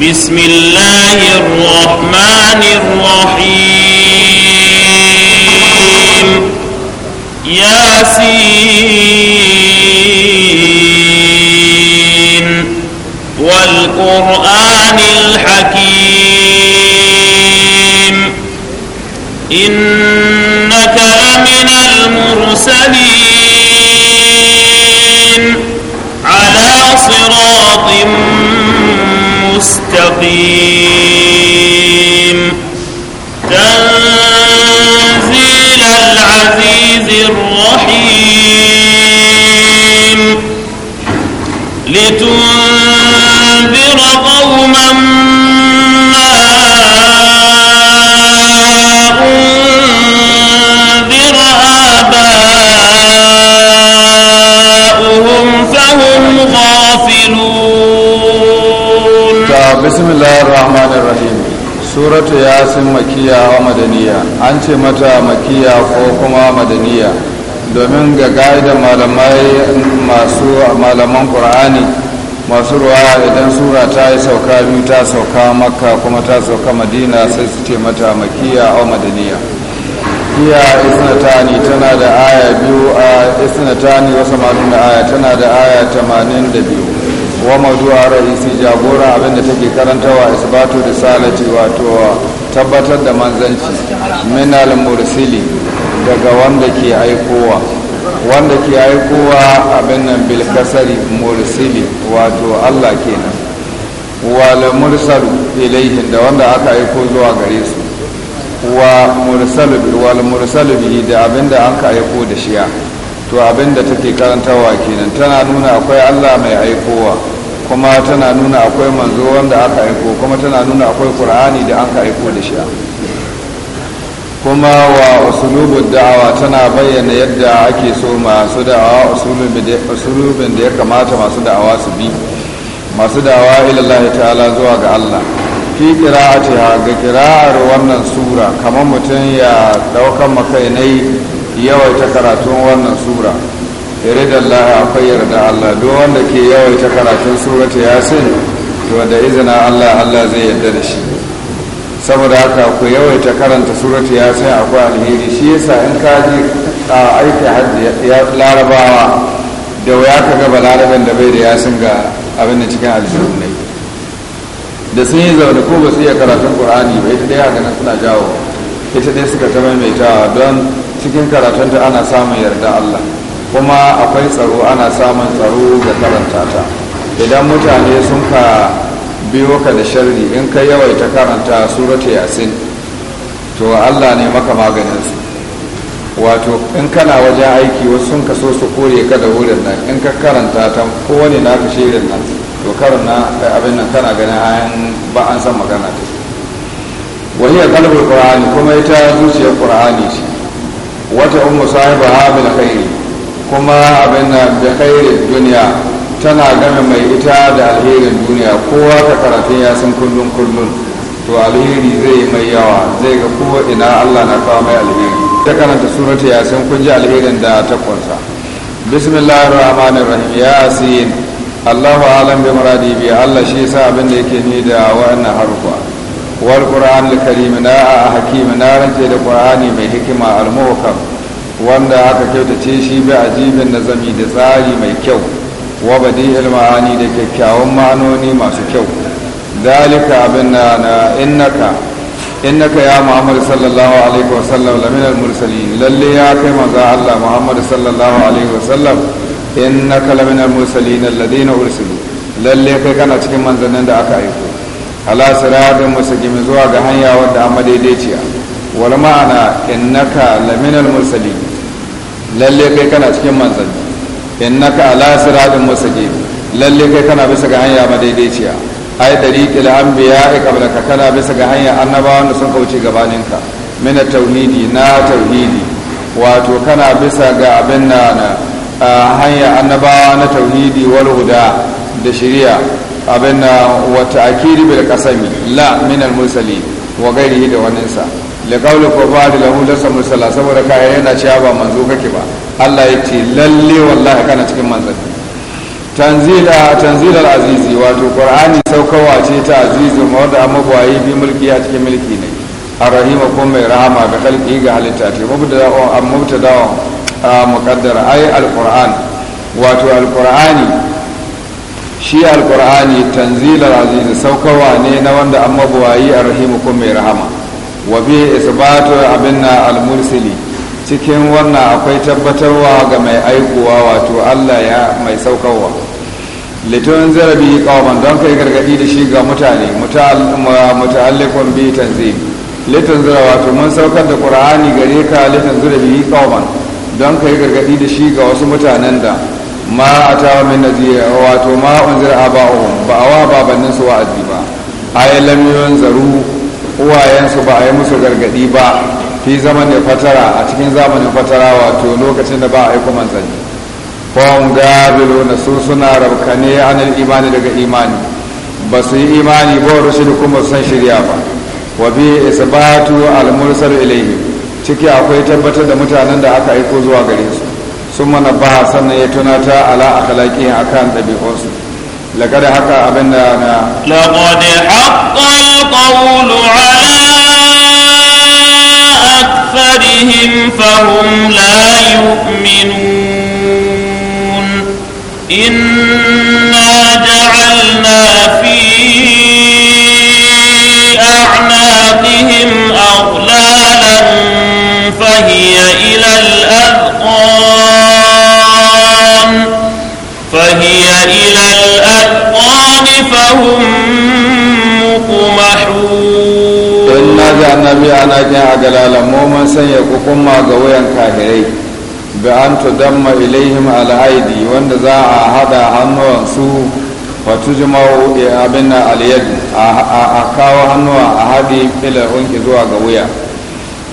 بسم الله الرحمن الرحيم ياسين والقرآن الحكيم إنك لمن المرسلين على صراط مستقيم تنزيل العزيز الرحيم لتنذر قوما suratu sun makiya wa madaniya an ce mata makiya ko kuma madaniya domin ga da malamai masu malaman ƙur'ani masu ruwa idan sura ta yi sauka biyu ta sauka makka kuma ta sauka madina sai su ce mata makiya wa madaniya iya isnatani tana da aya biyu a isnatani wasu malin da aya tana da aya 82 wa mawdu'a ra'isi jagora abinda take karantawa isbatu risalati wato tabbatar da manzanci minal mursili daga wanda ke aikowa wanda ke aikowa abin nan bil mursili wato Allah kenan wal mursal ilaihin da wanda aka aiko zuwa gare su wa mursal wal mursal bihi da abinda aka aiko da shiya to abinda take karantawa kenan tana nuna akwai Allah mai aikowa kuma tana nuna akwai manzo wanda aka aiko kuma tana nuna akwai Kur'ani da aka aiko da shi kuma wa usulubu da'awa tana bayyana yadda ake so masu da'awa usulubin da ya kamata masu da'awa su bi masu da'awa ilallahi ta'ala zuwa ga Allah fi ha, ga qira'ar wannan sura kamar mutum ya daukan makai yawaita karatun wannan sura ridan laha akwai yarda Allah duk wanda ke yawaita karatun surata yasin to da izina Allah Allah zai yarda da shi saboda haka ku yawaita karanta surata yasin akwai alheri shi yasa in ka ji a aiki hajji ya larabawa da waya ka gaba laraban da bai da yasin ga abin da cikin aljihu ne da sun yi zaune ko ba su iya karatun qur'ani ba ita dai haka nan suna jawo ita dai suka ta maimaitawa don cikin karatunta ana samun yarda Allah kuma akwai tsaro ana samun tsaro ga karanta ta idan mutane sun ka biyo ka da sharri in ka yawaita karanta surata yasin to allah ne maka maganinsu wato in kana wajen aiki wasu sun ka so su kore ka da wurin nan in ka karanta ta kowane na ka shirin nan to karin na eh, abin nan kana ganin ayan ba an san magana ta Wani ya kalbar qur'ani kuma ita zuciyar qur'ani ce wata umu sahiba ha bil khairi kuma abin nan da khairin duniya tana gama mai ita da alherin duniya kowa ka karafi ya san kullum kullum to alheri zai mai yawa zai ga kowa ina Allah na kawo mai alheri ta karanta surata ya san kun ji alherin da ta kunsa bismillahir rahmanir rahim asin Allahu alam bi muradi bi Allah shi yasa abin da yake ni da wannan karim na hakim na rance rance qur'ani mai mai hikima الموكب wanda aka kyautace shi bi ajibin nazami da tsari mai kyau wa badi'il ma'ani da kyakkyawan ma'anoni masu kyau dalika abin na na innaka innaka ya muhammad sallallahu alaihi wa sallam lamin al lalle ya kai manzo Allah muhammad sallallahu alaihi wa sallam innaka lamin al-mursalin alladhina ursilu lalle kai kana cikin manzannin da aka aiko ala siratin mustaqim zuwa ga hanya wadda amma daidaiciya wal ma'ana innaka laminal mursali lalle kai kana cikin manzanni innaka ala siratin mustaqim lalle kai kana bisa ga hanya madaidaiciya ai dariqil anbiya ka kana bisa ga hanya annabawa da sun kauce ka min tauhidi na tauhidi wato kana bisa ga abin na hanya annabawa na tauhidi wal huda da shari'a abin na wata akiri bil qasami la min al mursalin wa ghairihi da waninsa da ko ba da lahu da samun saboda kayan yana cewa ba manzo kake ba allah ya ce lalle wallahi kana cikin manzanni tanzila tanzila azizi wato qur'ani saukawa ce ta azizi wanda amma bai bi mulki ya cikin mulki ne arrahim ko mai rahama ga kalki ga halitta ce mubtada wa mubtada a muqaddara ay alquran wato alqur'ani shi alqur'ani tanzila azizi saukawa ne na wanda amma bai arrahim ko mai rahama wa bi isbatu abinna al-mursili cikin wannan akwai tabbatarwa ga mai aikowa wato Allah ya mai saukarwa litun zarabi qawman don kai gargadi da shi ga mutane muta'alliqun bi tanzim litun zara wato mun saukar da qur'ani gare ka litun zarabi qawman don kai gargadi da shi ga wasu mutanen da ma atawa min nazir wato ma unzira aba'uhum ba awa babannin su wa'azi ba ayyalamiyon zaru uwayensu ba a yi musu gargadi ba fi zaman da fatara a cikin zamanin fatara wato lokacin da ba a yi kuma zanni kwan gabilo na su suna rabkane anil imani daga imani ba su yi imani ba rushe da kuma san shirya ba wa bi isbatu al mursal ilayhi ciki akwai tabbatar da mutanen da aka aiko zuwa gare su sun mana ba sannan ya tunata ala akhlaqi akan dabi'unsu لقد حق أنا لقد حق القول على أكثرهم فهم لا يؤمنون إنا جعلنا في أعناقهم أغلالا فهي إلى الأذقان وهم مطمحون فإنا جعلنا أنا جاء قلالا مومن سيكون ما قويا كاهري بأن تدم إليهم الأيدي وأن ذا هذا عنوان سوء watujima abin na aliyar a kawo hannuwa a haɗe filin zuwa ga wuya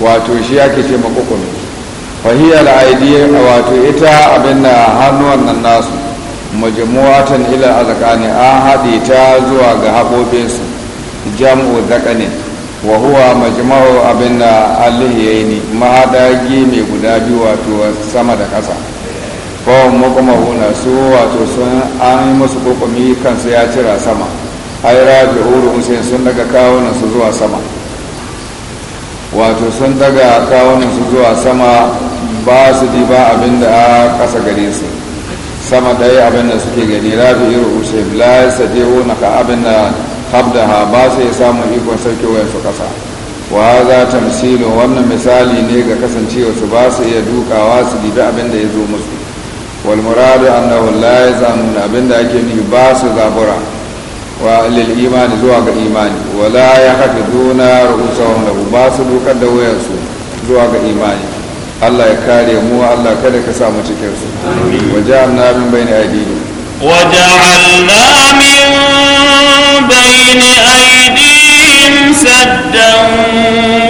wato shi ake ce makukumi fahiyar aidiyar wato ita abin na hannuwan nan nasu majmu'atan ila azqani an haɗe ta zuwa ga su jam'u zaqanin wa huwa majma'u abin da alhiyaini mahadagi mai guda biyu wato sama da ƙasa kawon makamahuna su wato sun an yi musu kokumi kansu ya cira sama haira da huru musayin sun daga su zuwa sama wato sun daga su zuwa sama ba su diba abin da a ƙasa gare su sama ɗaya abin da suke gani rafi iru usaim la ya wani ka abin da habdaha ba su ya samu ikon sarki wayan su kasa wa za misilo wannan misali ne ga kasancewa su ba su iya dukawa su dibi abin da ya zo musu wal muradu annahu la ya abin da ake nufi ba su zabura wa lil imani zuwa ga imani wala ya hafiduna ru'usahum wanda ba su dukar da wayan zuwa ga imani Allah ya kare mu Allah kada ka sa cikin su waja'alna min bayni aydihim waja'alna min bayni aydihim saddan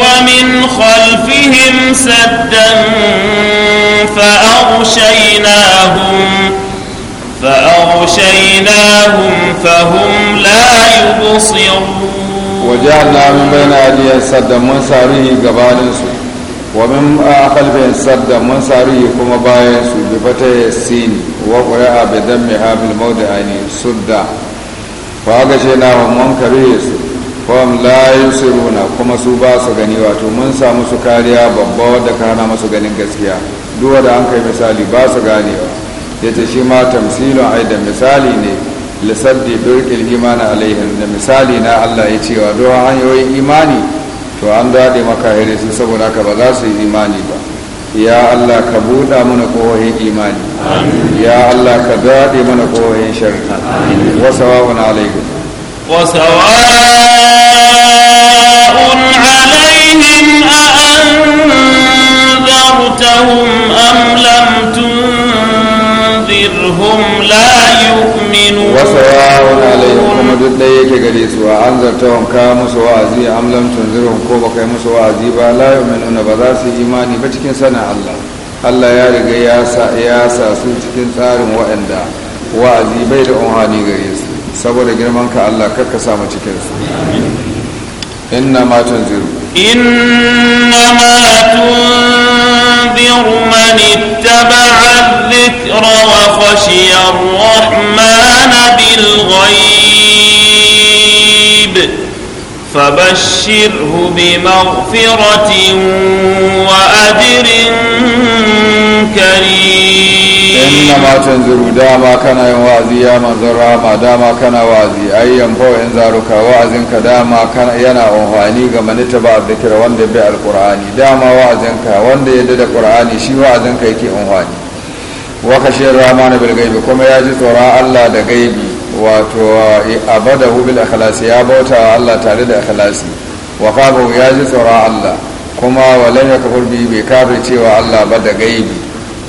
wa min khalfihim saddan fa'aghshaynahum فأغشيناهم فهم لا يبصرون وجعلنا من بين أيديهم سدا من ساره قبالهم wa min khalfin ah, sadda mun sari kuma bayan su bi fata sin wa qura'a bi dammi habil mawdi'ani sudda fa ga ce na mun kare su fam la yusiruna kuma su ba su gani wato mun samu su kariya babba wadda ka hana masu ganin gaskiya duwa da an kai misali ba su ganewa yace shi ma tamsilun ai da misali ne lissaddi birkil imani alaihin da misali na Allah ya cewa don hanyoyin imani to an daɗe maka hire su saboda haka ba za su yi imani ba ya Allah ka buɗa mana kohohin imani ya Allah ka daɗe mana kohohin shari wa sawa'un alaikum wa sawa'un alaihim a anzartahum am lam tun تنذرهم لا يؤمنون وسواء duk ɗaya yake gare su a an zartawan ka musu wa'azi am lam tunzirhum ko baka yi musu wa'azi ba la yu'minuna ba za su imani ba cikin sana Allah Allah ya riga ya sa su cikin tsarin waɗanda wa'azi bai da unhani gare su saboda girman ka Allah karka sa mu cikin su inna ma tunziru inna ma tunziru وتنذر من اتبع الذكر وخشي الرحمن بالغيب فبشره بمغفرة وأجر كريم إنما تنذر داما كان يوازي يا من زرعما داما كان وازي أي ينفو إنذارك وازنك داما كان ينا أنهاني كما نتبع الذكر وند بيع القرآن داما وازنك وند يدد القرآن شي وازنك يكي أنهاني وكشير رحمن بالغيب كما يجي ترى الله دغيبي wato abada bil ikhlasi ya bauta Allah tare da ikhlasi wa khabu ya ji tsoron Allah kuma walan yakfur bi bai kafir cewa Allah ba da gaibi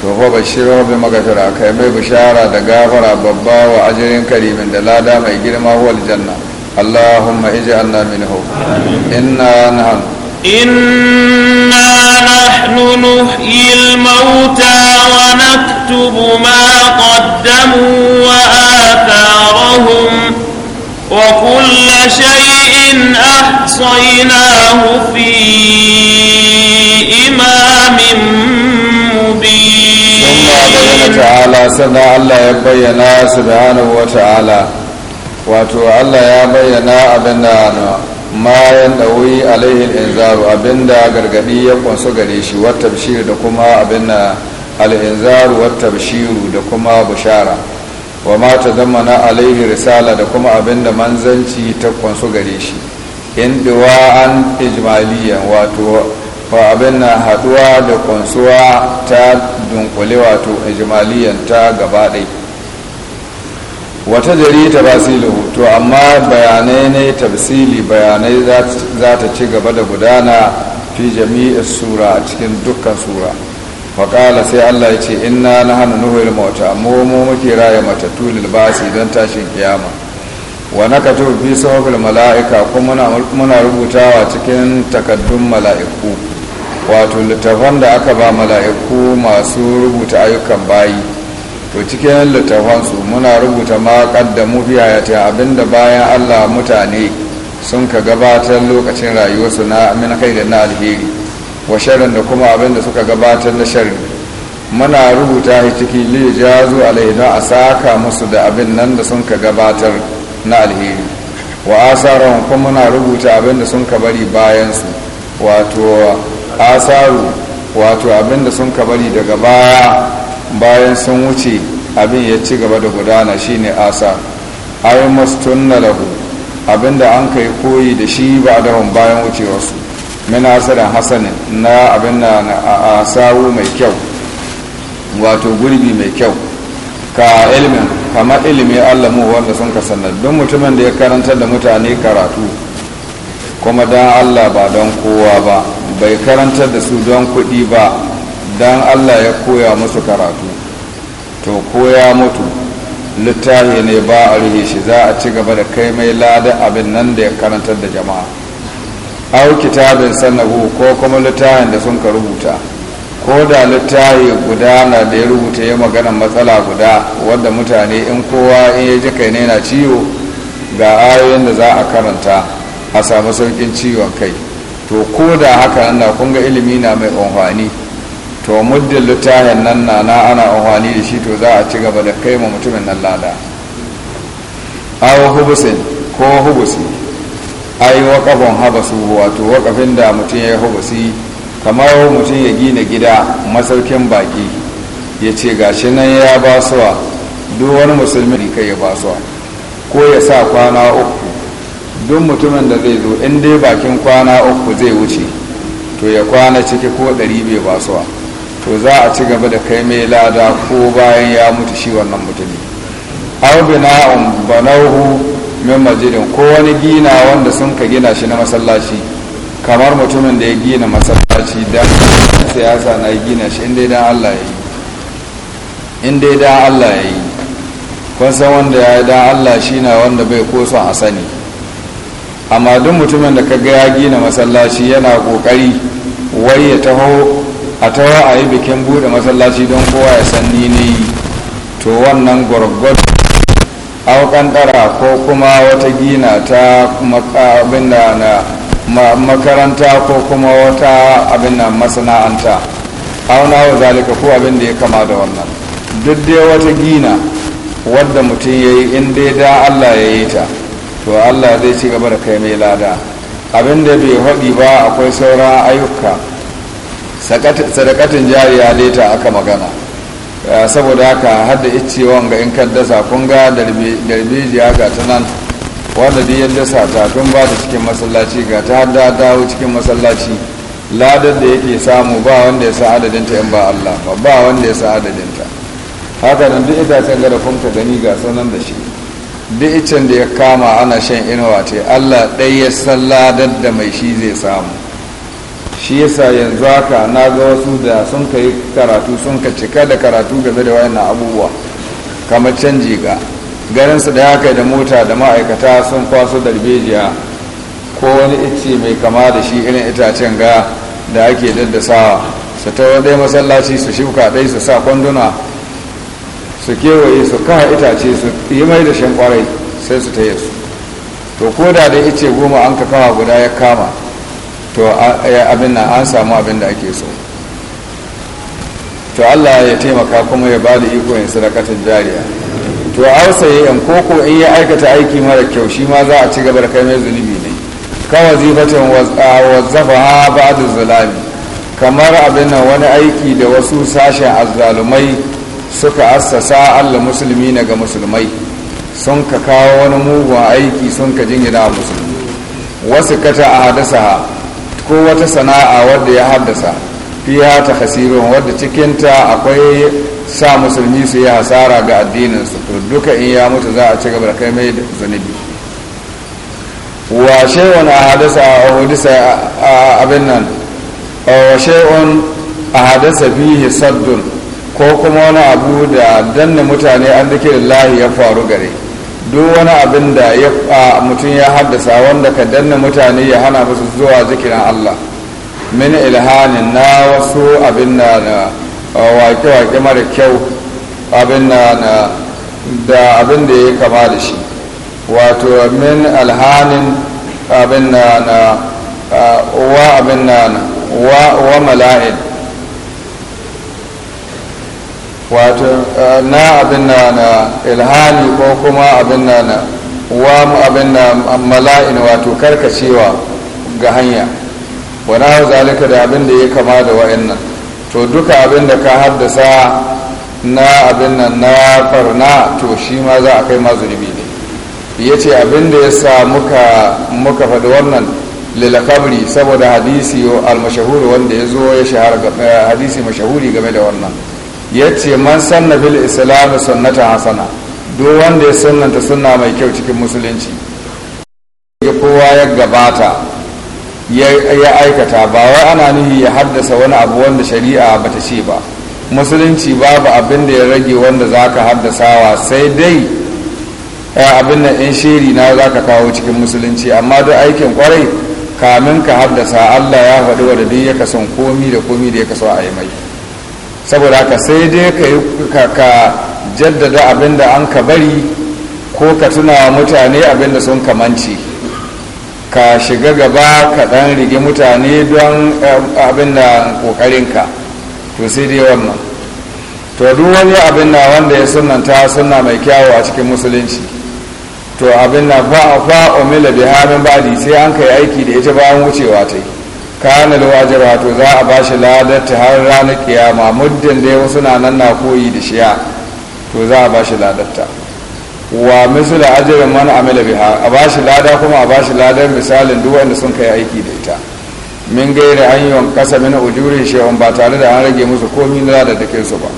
to fa bashiru bi magfira kai mai bishara da gafara babba wa ajirin karimin da lada mai girma wal janna Allahumma ij'alna minhu inna nahnu inna nahnu nuhyil mauta wa naktubu ma qaddamu وكل شيء أحصيناه في إمام مبين تعالى سنة الله يبينا سبحانه وتعالى wato Allah ya bayyana abin da ma ya wuyi alaihi inzaru abin da gargadi ya kunsu gare shi wata bishir da kuma abin da al'inzaru wata bishiru da kuma bushara wa ma ta na alaihi risala da kuma abin da manzanci ta kwanso gare shi in an ijmaliyan wato wa abin na haduwa da kwansuwa ta dunkule wato ijmaliyan ta gaba ɗai wata jari ta basilu to amma bayanai ne tafsili bayanai za ta ci gaba da gudana fi jami'ar sura cikin dukkan sura faƙala sai allah ya ce inna na hannu nuhul mota mu mu muke raya matattu lilbasi don tashin kiyama wa na kato fi mala'ika kuma muna rubutawa cikin takaddun mala'iku wato littafan da aka ba mala'iku masu rubuta ayyukan bayi to cikin littafansu muna rubuta ma kaddamu fi hayata abinda bayan allah mutane sun ka gabatar lokacin rayuwarsu na min kai da na alheri wa sharin da kuma abin da suka gabatar na sharri muna rubuta shi ciki li jazu alaihi a saka musu da abin nan da sun ka gabatar na alheri wa asaran kuma muna rubuta abin da sun ka bari bayansu wato asaru wato abin da sun ka bari daga baya bayan sun wuce abin ya ci gaba da gudana shine asa ayi na lahu abin da an kai koyi da shi ba da bayan wucewarsu mina asirin hasanin na abin na a sawu mai kyau wato gurbi mai kyau ka ilimin kamar ilimin allamu wanda sun ka sanar don mutumin da ya karanta da mutane karatu kuma don allah ba don kowa ba bai karantar da su don kuɗi ba don allah ya koya musu karatu to koya mutu littafi ne ba a rihe shi za a ci gaba da kai mai lada abin nan da ya karantar da jama'a au kitabin sannahu ko kuma littafin da sun ka rubuta ko da littafi guda na da ya rubuta ya magana matsala guda wadda mutane in kowa in ya ji kai ne na ciwo ga ayoyin da za a karanta a samu saukin ciwon kai to ko da haka na kunga ilimi na mai amfani to muddin littafin nan na na ana amfani da shi to za a ci gaba da kai ma mutumin nan lada awo hubusin ko hubusi ai waƙafin habasu wato wakafin da mutum ya yi habasi kamar mutum ya gina gida masaukin baki ya ce gashi nan ya ba suwa duk wani musulmi kai ya ba suwa ko ya sa kwana uku duk mutumin da zai zo in dai bakin kwana uku zai wuce to ya kwana ciki ko ɗari bai suwa to za a ci gaba da kai mai lada ko bayan ya mutu shi wannan mutumi min masjidin ko wani gina wanda sun ka gina shi na masallaci kamar mutumin da ya gina masallaci da siyasa na gina shi inda idan Allah ya yi inda idan Allah ya yi kun san wanda ya yi da Allah shi na wanda bai ko son a sani amma duk mutumin da ka ga ya gina masallaci yana kokari wai ya taho a taho a yi bikin bude masallaci don kowa ya san ni ne to wannan gwargwado auƙantara ko kuma wata gina ta abinda na makaranta ko kuma wata abin masana'anta masana'anta auna wa zalika ko abin ya kama da wannan duk dai wata gina wadda mutum ya yi in dai da allah ya yi ta to allah zai ci gaba da kai mai lada abinda bai haɗi ba akwai sauran ayyuka sadakatin jariya leta aka magana Eh, saboda haka hada icewan ga in kan dasa kun ga darbejiya ga ta nan wanda duk ya dasa ta tun ba da cikin masallaci ga ta hada dawo cikin masallaci ladar da yake samu ba wanda ya sa adadinta in ba Allah ba ba wanda ya sa adadinta haka nan duk itacen gada kun ka gani ga sanan da shi duk icen da ya kama ana shan inuwa ce Allah ɗaya ya san ladar da mai shi zai samu shi yasa yanzu haka na ga wasu da sun kai karatu sun ka cika da karatu game da wayan abubuwa kamar canji ga garinsu da haka da mota da ma'aikata sun kwaso darbejiya ko wani ice mai kama da shi irin itacen ga da ake daddasawa su wanda dai masallaci su shuka dai su sa kwanduna su kewaye su kaha itace su yi mai da shan kwarai sai su yi su to ko da dai ice goma an ka kawa guda ya kama to abin nan an samu abin da ake so to Allah ya taimaka kuma ya bada iko yin sadakatar jariya to ausaye yan koko in ya aikata aiki mara kyau shi ma za a ci gaba da kai mai zunubi ne ka wazifatin wazzafa ha da zulami kamar abin nan wani aiki da wasu sashen azzalumai suka assasa Allah musulmi na ga musulmai sun ka kawo wani mugun aiki sun ka jingina musulmi wasu kata a hadasa ko wata sana'a wadda ya haddasa fiya ta hasirun wadda cikinta akwai sa musulmi su yi hasara ga addininsu to duka in ya mutu za a ci gaba da kai mai zunubi wa shay'un ahadasa ahadisa abin nan wa shay'un ahadasa bihi saddun ko kuma wani abu da danna mutane an dake lillahi ya faru gare duk wani abin da mutum ya haddasa wanda ka danna mutane ya hana musu zuwa zikirin Allah min ilhanin na wasu abin na wake-wake mara kyau abin na da abin da ya kama da shi wato min alhanin abin na wa abin na wa mala'in wato eh, na abin na na ilhali ko kuma abin na na wa mu abin na mala'in wato karkacewa ga hanya wana zalika da abin da ya kama da wa'annan to duka abin da ka haddasa na abin nan na farna to shi ma za a kai ma zunubi ne ya ce abin da ya sa muka muka faɗi wannan lilakabri saboda hadisi al-mashahuri wanda ya zo ya shahara eh, hadisi mashahuri game da wannan ya ce man sanna fil islam sunnata hasana duk wanda ya sunnanta sunna mai kyau cikin musulunci ya kowa ya gabata ya aikata ba wai ana nuhi ya haddasa wani abu wanda shari'a bata ce ba musulunci babu abin da ya rage wanda za ka haddasawa sai dai eh, abin da in shiri na za ka kawo cikin musulunci amma duk aikin kwarai kamin ka haddasa allah ya faɗi da duk ya kasan komi da komi da ya kaso a yi mai saboda haka sai dai ka jaddada abinda da an ka bari ko ka tuna wa mutane abin da sun kamanci ka shiga gaba ka dan rige mutane don eh, abin da to sai dai wannan to duk wani abin wanda ya sunanta suna mai kyawo a cikin musulunci to abin na ba a fa bihamin badi sai an kai aiki da ita bayan wucewa ta yi kanar da wajira to za a ba shi ladarta har ranar kiyama muddin da wasu na nan na koyi da shiya to za a ba shi ladarta wa da ajiyar mana amila biha a ba shi lada kuma a ba shi ladar misalin duk wanda sun kai aiki da ita min gaira an wa kasa min ujurin shewan ba tare da an rage musu komi na da take su ba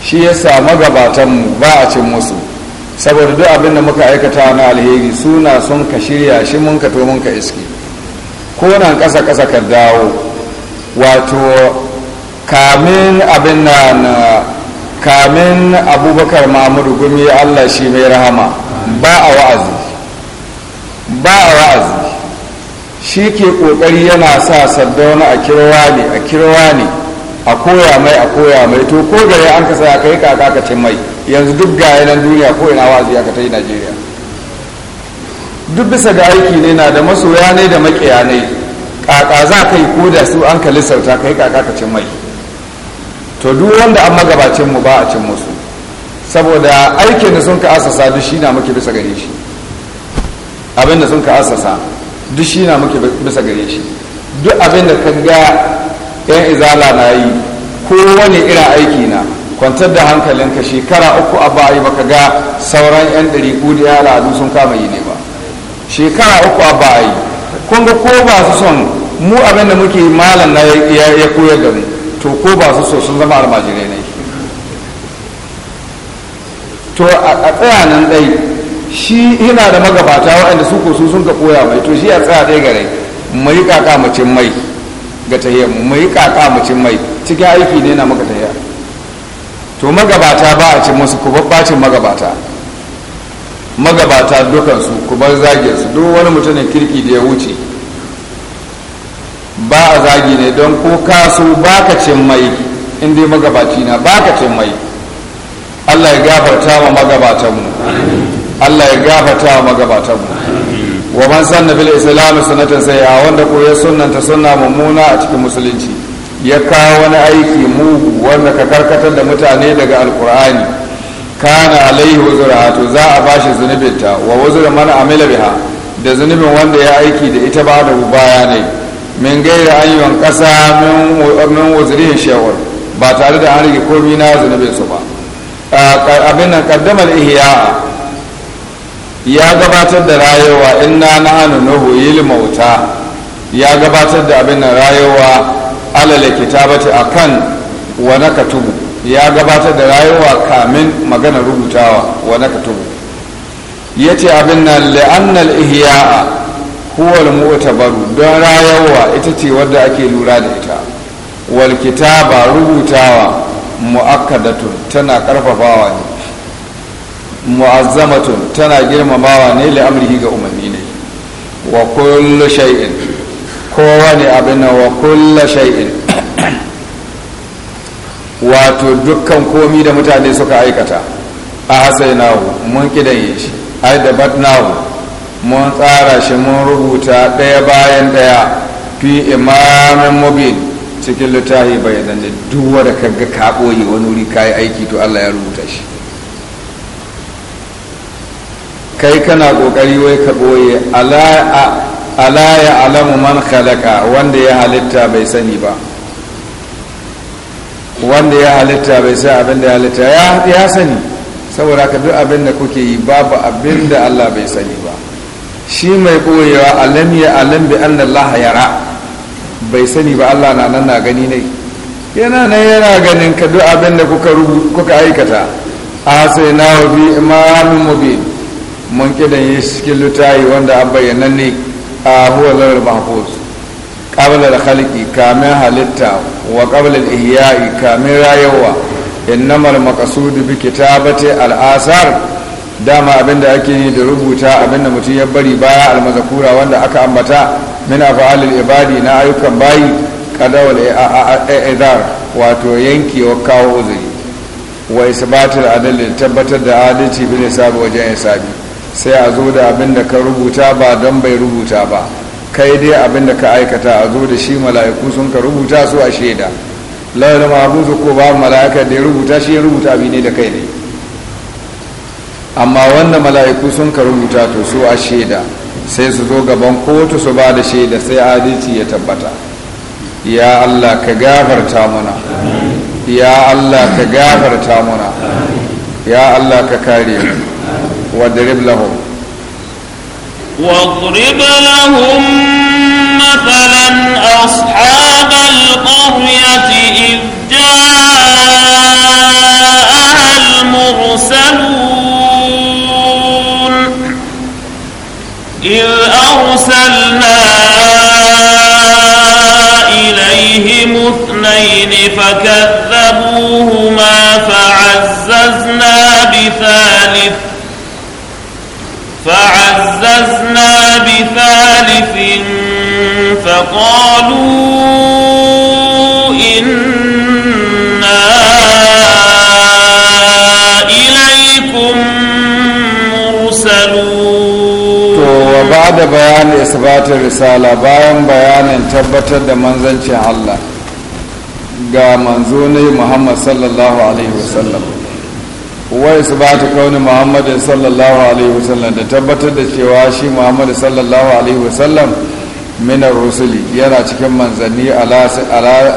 shi ya samu mu ba a cin musu saboda duk abin da muka aikata na alheri suna sun ka shirya shi mun ka to mun ka iski konan ƙasa ƙasa ka dawo wato kamin abin nan kamin abubakar mahmudu gumi allah shi mai rahama ba a wa'azi ba a wa'azi shi ke ƙoƙari yana sa sardauna a kirwa ne a kirwa ne a koya mai a koya mai to ko gare an kasa ka yi kaka ka cin mai yanzu duk ga yanan duniya ko ina wa'azi aka ta yi najeriya duk bisa ga aiki ne na da masoya ne da makiya ne kaka za ka yi ko da su an ka lissauta kai kaka ka cin mai to duk wanda an magabacin mu ba a cin musu saboda aikin da sun ka asasa duk shi na muke bisa gare shi abinda sun ka asasa duk shi na muke bisa gare shi duk abinda ka ga yan izala na yi ko wani irin aiki na kwantar da hankalinka shekara uku a ba baka ga sauran yan ɗari ko da al'adu sun kama yi ne shekara uku a bayi yi kun ga ko ba su son mu abin da muke malam na ya koyar da mu to ko ba su so sun zama almajirai ne to a tsaya nan dai shi yana da magabata waɗanda su ko su sun ka koya mai to shi a tsaya dai gare mu yi kaka macin mai ga yi mu yi kaka macin mai cikin aiki ne na maka tahiyar to magabata ba a cin musu ku babbacin magabata magabata dukansu ku bar zagin su duk wani mutumin kirki da ya wuce ba a zagi ne don ko kasu baka cin mai inda dai magabaci na baka cin mai Allah ya gafarta wa magabatanmu Allah ya gafarta wa magabatanmu wa man sanna fil islam sunnatan a wanda ko ya sunnanta sunna mummuna a cikin musulunci ya kawo wani aiki mugu wanda ka karkatar da mutane daga alkur'ani kana alaihi wuzura to za a bashi zunubin ta wa wuzura mana amila biha da zunubin wanda ya aiki da ita ba da baya ne min gaira ayyuan kasa min wuzurin shawar ba tare da an rage komai na zunubin su ba abin nan kaddamar ihya ya gabatar da rayuwa inna na hannu nuhu yil mauta ya gabatar da abin nan rayuwa alala kitabati akan wa nakatubu ya gabatar da rayuwa kamin magana rubutawa wa na katubu ya ce abin nan la'annal ihya'a huwal mu'tabaru don rayuwa ita ce wadda ake lura da ita wal kitaba rubutawa mu'akkadatun tana karfafawa ne mu'azzamatun tana girmamawa ne li'amrihi ga umarni ne wa kullu shay'in kowane abin nan wa kullu shay'in wato dukkan komi da mutane suka aikata a hasai nahu mun kidaye shi ai da bat mun tsara shi mun rubuta ɗaya bayan ɗaya fi imamin mubin cikin littafi bai da duk wanda ka ga ka wani wuri ka aiki to allah ya rubuta shi kai kana ƙoƙari wai ka ɓoye ala ya alamu man khalaqa wanda ya halitta bai sani ba wanda ya halitta bai sa abin da ya halitta ya sani saboda ka duk abin da kuke yi babu abin da Allah bai sani ba shi mai koyewa alam ya alam bi anna Allah yara bai sani ba Allah na nan na gani ne yana nan yana ganin ka duk abin da kuka kuka aikata asayna na bi imamin mubin mun kidan yi cikin lutayi wanda an bayyana ne a huwa lawal mahfuz qabla al-khalqi kamin halitta wa qabla al-ihya'i kamin rayuwa innamal maqsud bi al'asar al-asar dama abinda ake yi da rubuta abinda mutum ya bari baya al wanda aka ambata min af'al al-ibadi na ayyukan bayi qadawal i'dar wato wa kawo uzuri wa isbatul adalli tabbatar da adalci bin hisabi wajen hisabi sai a zo da abinda ka rubuta ba don bai rubuta ba kai dai abin da ka aikata a zo da shi mala'iku sun ka rubuta su a shaida lawal mahfuzu ko ba mala'ika da ya rubuta shi ya rubuta abin ne da kai ne amma wanda mala'iku sun ka rubuta to su a shaida sai su zo gaban kotu su ba da shaida sai adalci ya tabbata ya Allah ka gafarta muna ya Allah ka gafarta muna ya Allah ka kare wa darib lahum واضرب لهم مثلا أصحاب القرية إذ جاءها المرسلون إذ أرسلنا إليهم اثنين فكذبوهما فعززنا بثالث فعززنا بثالث فقالوا إنا إليكم مرسلون وبعد بيان إثبات الرسالة بيان بيان تبتت منزل الله قام manzo ne Muhammad sallallahu alaihi wai su ba ta kauni muhammadu sallallahu alaihi wasallam da tabbatar da cewa shi muhammadu sallallahu alaihi wasallam minar rusuli yana cikin manzanni a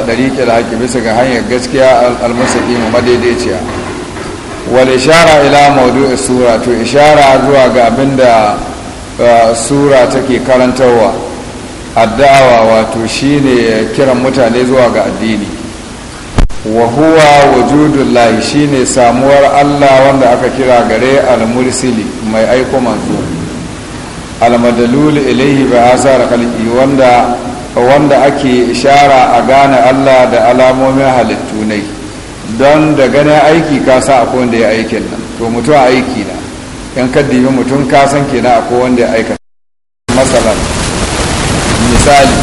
dariƙe da haƙi bisa ga hanyar gaskiya mu madaidaiciya wani ishara ila a sura to ishara zuwa ga abin da uh, sura take karantarwa addawa wato shine kiran mutane zuwa ga addini wa huwa wujudullahi shine samuwar Allah wanda aka kira gare al-mursili mai aiko manzo al-madalul ilayhi bi azar khalqi wanda wanda ake ishara a gane Allah da alamomin halittu ne don da ganin aiki ka sa akwai wanda ya aikin nan to mutum aiki na yan dibi mutum ka san kenan akwai wanda ya aika masalan misali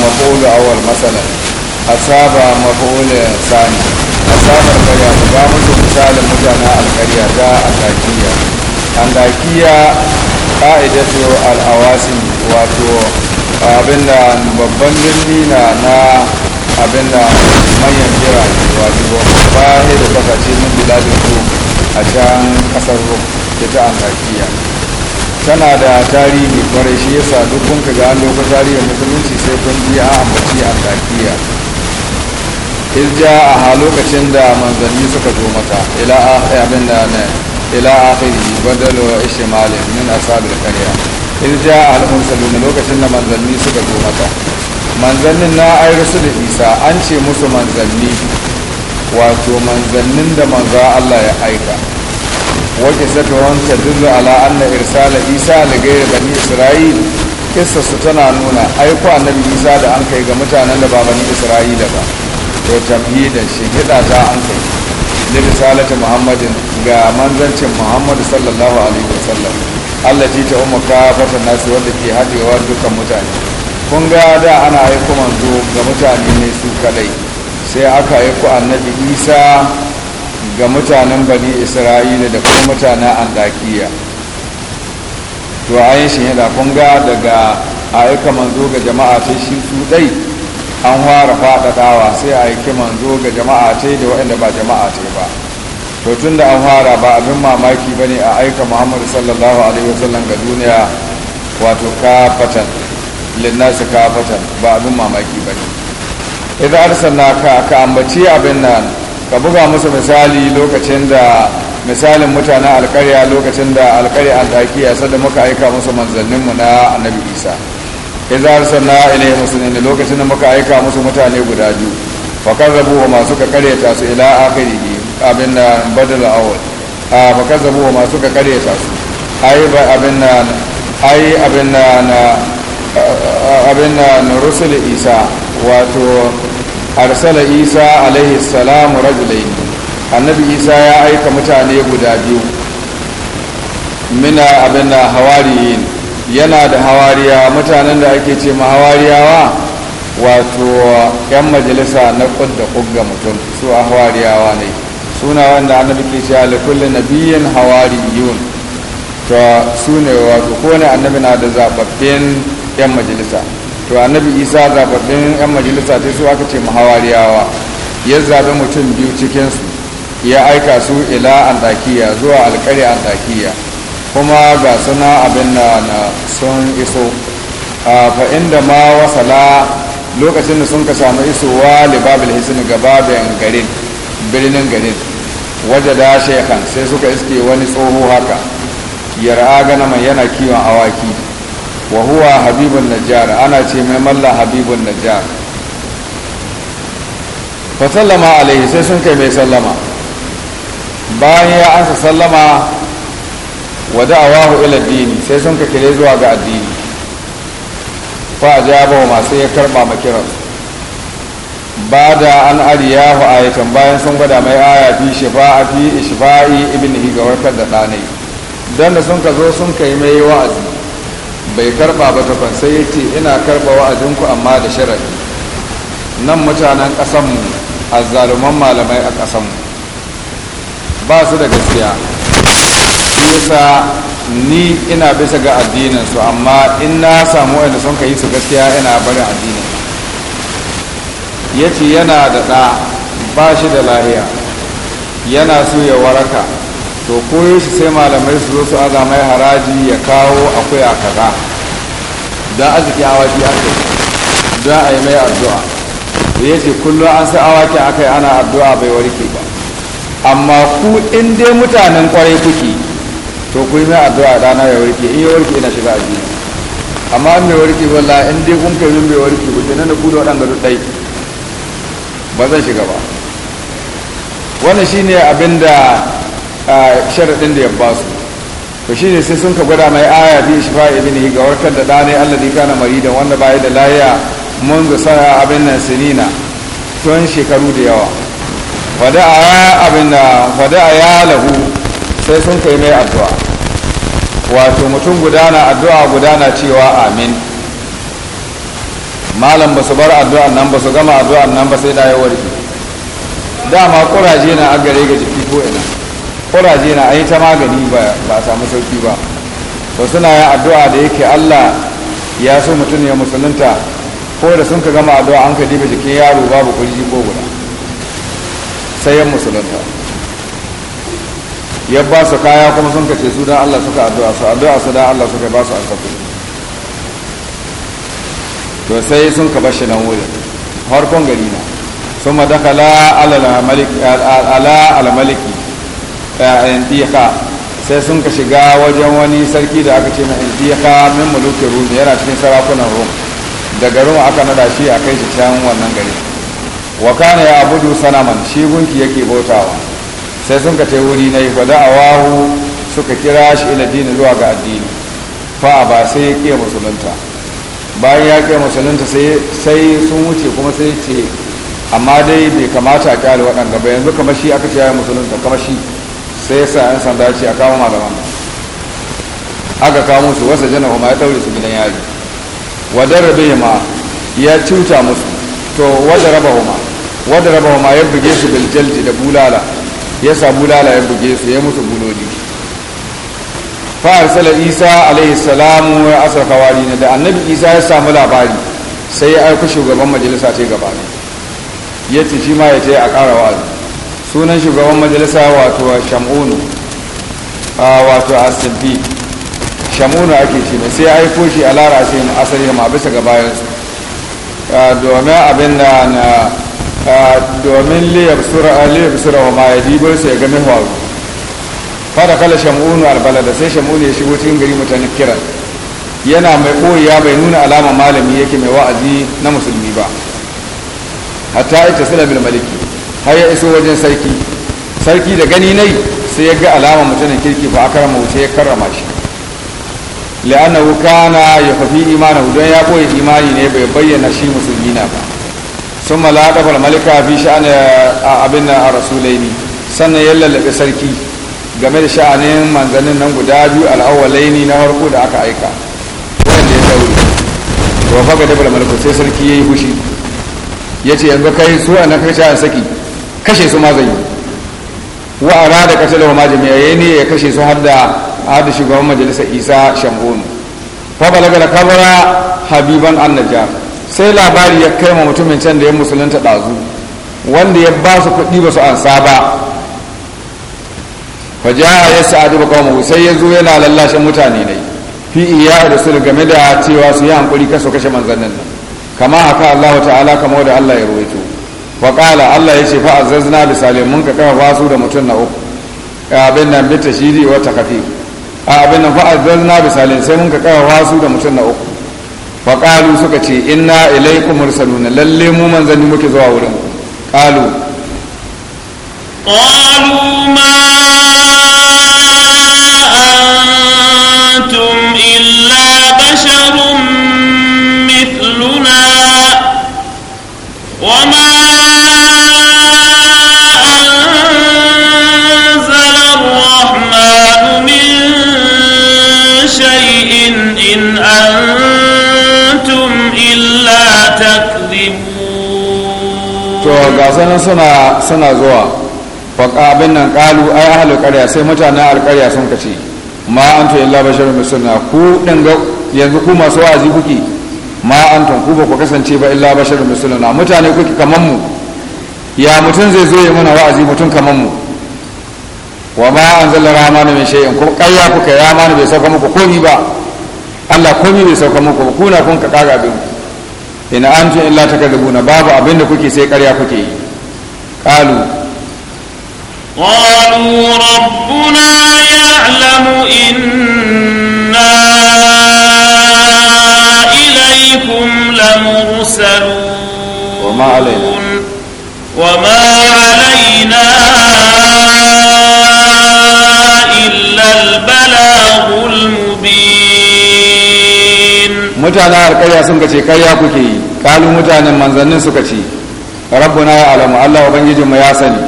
maqulu awal masalan asaba mahula sani asabar karya ku ba mutu misalin mutanen alkarya ta andakiya andakiya ka'idatu al'awasin wato abin da babban birni na na da manyan jira wato ba bahe da bakace min biladin ku a can kasar rum ita andakiya tana da tarihi kwarai shi yasa duk kun ka ga an lokacin tarihin musulunci sai kun ji a ambaci andakiya izja a lokacin da manzanni suka zo mata ila abin da ne ila akhiri badalu ishmalin min asabil qarya izja al mursalun lokacin da manzanni suka zo mata manzannin na ayar su da isa an ce musu manzanni wato manzannin da manza Allah ya aika wake sata wanta dillu ala anna irsala isa gaira ghayri bani isra'il kissa su tana nuna aiko annabi isa da an kai ga mutanen da ba bani isra'ila ba to tamhida shi hida ta an kai da risalata muhammadin ga manzancin muhammadu sallallahu alaihi wasallam ce ta umarka kafatan nasu wanda ke haɗewa dukkan mutane kun ga da ana aiko manzo ga mutane ne su kadai sai aka aiko annabi isa ga mutanen bani isra'ila da kuma mutanen andakiya to a yi shi kun ga daga aika manzo ga jama'a ta shi su dai an fara faɗaɗawa sai a yi kiman zo ga jama'a ta da waɗanda ba jama'a ta ba to tun da an fara ba abin mamaki ba ne a aika muhammadu sallallahu alaihi wasallam ga duniya wato kafatan linnasu kafatan ba abin mamaki ba ne idan arsalna ka ka ambaci abin nan ka buga musu misali lokacin da misalin mutanen alkarya lokacin da alkarya antakiya da muka aika musu manzanninmu na annabi isa idza arsalna ilayhim muslimin lokacin da muka aika musu mutane guda biyu fa kazzabu ma suka ta su ila akhirihi abin da badal awal a fa kazzabu ma suka ta su ai ba abin na ai abin na na abin na rusul isa wato arsala isa alaihi salam rajulain annabi isa ya aika mutane guda biyu mina abin na hawariyin yana da hawariya mutanen da ake ce ma wato 'yan majalisa na kudda kugga mutum su a hawariyawa ne suna wanda annabi ke cewa na biyan hawariyun to su ne wato kone annabi na da zababbin 'yan majalisa to annabi isa zababbin 'yan majalisa ta su aka ce ma ya zaɓi mutum biyu cikinsu ya aika su ila antakiya zuwa alƙari antakiya kuma ga suna abin na sun iso fa inda ma wasala lokacin da sun ka samu isowa libabil hisini gaba da garin birnin garin waje da shekhan sai suka iske wani tsoho haka yar'a gana mai yana kiwon awaki wa huwa habibun najjar ana ce mai malla habibun najjar fa sallama alaihi sai sun kai mai sallama bayan ya ansa sallama wa da'awahu ila dini sai sun ka zuwa ga addini fa ajaba wa masu ya karba makiran ba da an ariyahu ayatan bayan sun gwada mai aya fi shifa'ati ishfa'i ibnihi higawar warkar da ɗanai don da sun ka zo sun kai mai wa'azi bai karba ba ta sai ya ce ina karba wa'azinku amma da sharaɗi nan mutanen ƙasanmu azzaluman malamai a ƙasanmu ba su da gaskiya yasa ni ina bisa ga addinin su amma in na samu wanda sun kai su gaskiya ina barin addinin ya ce yana da ɗa ba shi da lahiya yana so ya waraka to koyo shi sai malamai su zo su mai haraji ya kawo akuya kaza don arziki awaki aka don a yi mai addu'a ya ce kullum an sai awakin aka yi ana addu'a bai warke ba amma ku in dai mutanen kwarai kuke to ku yi mai addu'a rana ya warke in ya warke ina shiga addini amma mai warke walla in dai kun kai min mai warke ku tana da ku da wadanda duk ɗai ba zan shiga ba wannan shine abinda sharadin da ya ba su to shine sai sun ka gwada mai aya bi shifa ibnihi ga warkar da ɗane alladhi kana maridan wanda ba da lahiya mun ga sa abin nan sinina tun shekaru da yawa fada ya abin da fada ya lahu sai sun kai mai addu'a wato mutum gudana addu'a gudana cewa amin malam ba su bar addu'an nan ba su gama addu'an nan ba sai da ya warke dama kuraje na an gare ga jiki ko ina kuraje na ayi ta magani ba ba samu sauki ba to suna yin addu'a da yake Allah ya so mutum ya musulunta ko da sun ka gama addu'a an ka diba jikin yaro babu kurji ko guda sai musulunta ya ba su kaya kuma sun kace su dan Allah suka addu'a su addu'a su dan Allah suka ba su asafi to sai sun ka bashi nan wuri. harkon gari na sun ma daka la ala maliki eh, indiyaka sai sun ka shiga wajen wani sarki da aka ce na indiyaka min mulukin rumi yana cikin sarakunan rum daga rum aka nada shi a kai shi can wannan gari wa kana ya abudu sanaman shi gunki yake bautawa sai sun ka ce wuri na yi gwada a wahu suka kira shi ila dini zuwa ga addini fa ba sai ya ƙiya musulunta bayan ya ƙiya musulunta sai sun wuce kuma sai ce amma dai bai kamata a ƙyale waɗanda ba yanzu kamar shi aka ce ya musulunta kama shi sai sa 'yan sanda ce a kama malaman aka kama su wasa jana kuma ya ɗaure su gidan yari wadda rabe ma ya cuta musu to wadda raba ma wadda raba ma ya buge su biljalji da bulala ya samu lalayen buge su ya mutu buloli fa arsala isa alaihi salamu ya asar kawari na da annabi isa ya samu labari sai ya aiko shugaban majalisa ta gaba ne ya ce shi ma ya ce a ƙara wa'azi sunan shugaban majalisa wato shamunu wato asinfi shamunu ake ce mai sai ya aiko shi a lara sai asali ma bisa ga bayansu domin abin da na domin liyar sura liyar sura wa ya dibar sai ga min hawo fara kala albala da sai shamunu ya shigo cikin gari mutane kira yana mai ya bai nuna alama malami yake mai wa'azi na musulmi ba hatta ita sila bil maliki har ya iso wajen sarki sarki da gani nai sai ya ga alama mutumin kirki ba a karama wuce ya karrama shi la'annahu kana yafafi imanahu don ya koyi imani ne bai bayyana shi musulmi na ba sun malakafar malika fi sha'ani a abin da a rasulaini sannan ya lallabe sarki game da sha'anin manzannin nan guda biyu al'awalaini na harko da aka aika wanda ya sauri wa faga da bar malika sai sarki ya yi fushi ya ce yanzu kai su a nan kai sha'an saki kashe su ma zai wa a rada kashe da ma jami'ai ya ne ya kashe su har da har da shugaban majalisar isa shambonu fa balaga da kabara habiban annajar sai labari ya kai ma mutumin can da ya musulunta ɗazu wanda ya ba su kuɗi ba su ansa ba fa jaha ya sa'adu ba kawo sai ya zo yana lallashin mutane ne fi iya da su game da cewa su yi hankuri kaso su kashe manzannin nan kama haka Allah ta'ala kama da Allah ya ruwaito wa qala Allah ya ce fa azzazna bi salim mun ka kafa su da mutum na uku abin nan bi tashiri wa takafi abin nan fa azzazna bi salim sai mun ka kafa su da mutum na uku faƙalu suka ce inna ilaikum mursaluna lalle mu manzanni muke zuwa wurin ƙalu ƙalu to ga sanin suna suna zuwa faƙa abin nan ƙalu ai ahalu ƙarya sai mutanen alƙarya sun kace ma an to illa mai suna ku ɗin ga yanzu ku masu wa'azi kuke ma an to ku ba ku kasance ba illa basharun misalna mutane kuke kamanmu mu ya mutum zai zo ya mana wa'azi mutum kaman mu wa ma an zalla ramanu mai shay'in ko ƙarya kuka ramanu bai sauka muku komi ba Allah komi bai sauka muku ba kuna kun ka ƙaga bin ku in antum illa takadibuna babu abinda kuke sai ƙarya kuke yi qalu qalu rabbuna ya'lamu inna ilaykum lamursalun وما علينا وما a karya sun kace karya kuke yi kalu mutanen manzannin suka ce rabbuna ya alamu allah bangijinmu ya sani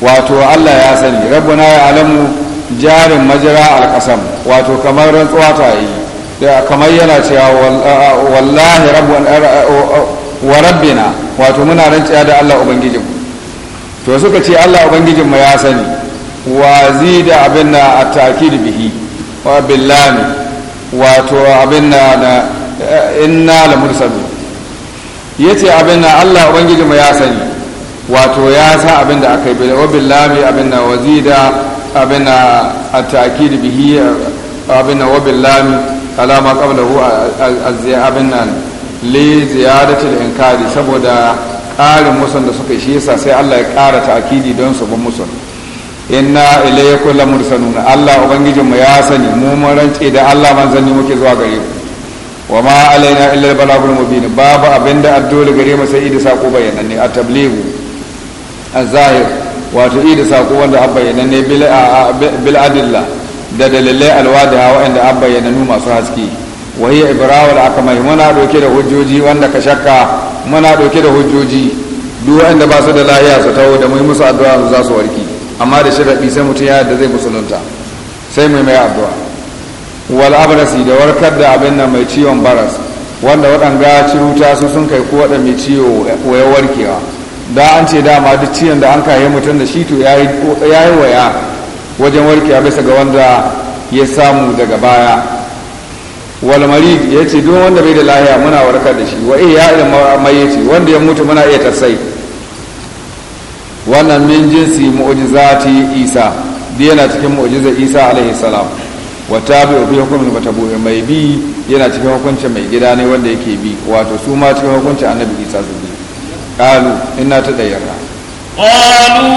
wato allah ya sani rabbuna ya alamu jarin majira alƙasam wato kamar rantsuwa ta yi kamar yana cewa wallahi wa rabbina wato muna rantsuwa da allah ubangijinmu to suka ce allah ubangijinmu ya sani wa zida abin na a bihi wa billami wato abin na na inna la mursalu yace abin na Allah ubangiji mai ya sani wato ya sa abin da aka yi bil wa billahi abin na wazida abin na at da bihi abin na wa billahi alama qablahu abin na li ziyadati al-inkari saboda ƙarin musun da suka shi yasa sai Allah ya karata akidi don su bin musun inna ilayka la mursaluna Allah ubangijin mu ya sani mu mun rance da Allah man manzanni muke zuwa gare ku wa ma alaina illa al balagul mubin babu abinda addole gare mu sai idi sako bayananne a tablighu azahir zahir wato idi sako wanda abbayananne bil bil adilla da dalilai alwadiha wa'anda abbayananu masu haske wa hiya ibrahul akamai muna dauke da hujjoji wanda ka shakka muna dauke da hujjoji duk wanda ba su da lahiya su tawo da mu musu addu'a za su warke amma da sharaɗi sai mutum ya yadda zai musulunta sai mai mai addu'a wal abrasi da warkar da abin nan mai ciwon baras wanda waɗanga ciruta su sun kai ko waɗanda mai ciwo waya warkewa da an ce dama duk ciwon da an kaye mutum da shi to ya yi waya wajen warkewa bisa ga wanda ya samu daga baya marid ya ce duk wanda bai da lahiya muna warkar da shi wa iya ya mai ce wanda ya mutu muna iya tasai wannan min jinsi mu'jizati isa dai yana cikin mu'jiza isa alaihi salam wa tabi bi bata matabu'in mai bi yana cikin hukunci mai gida ne wanda yake bi wato su ma cikin hukunci annabi isa su bi qalu inna tadayyara qalu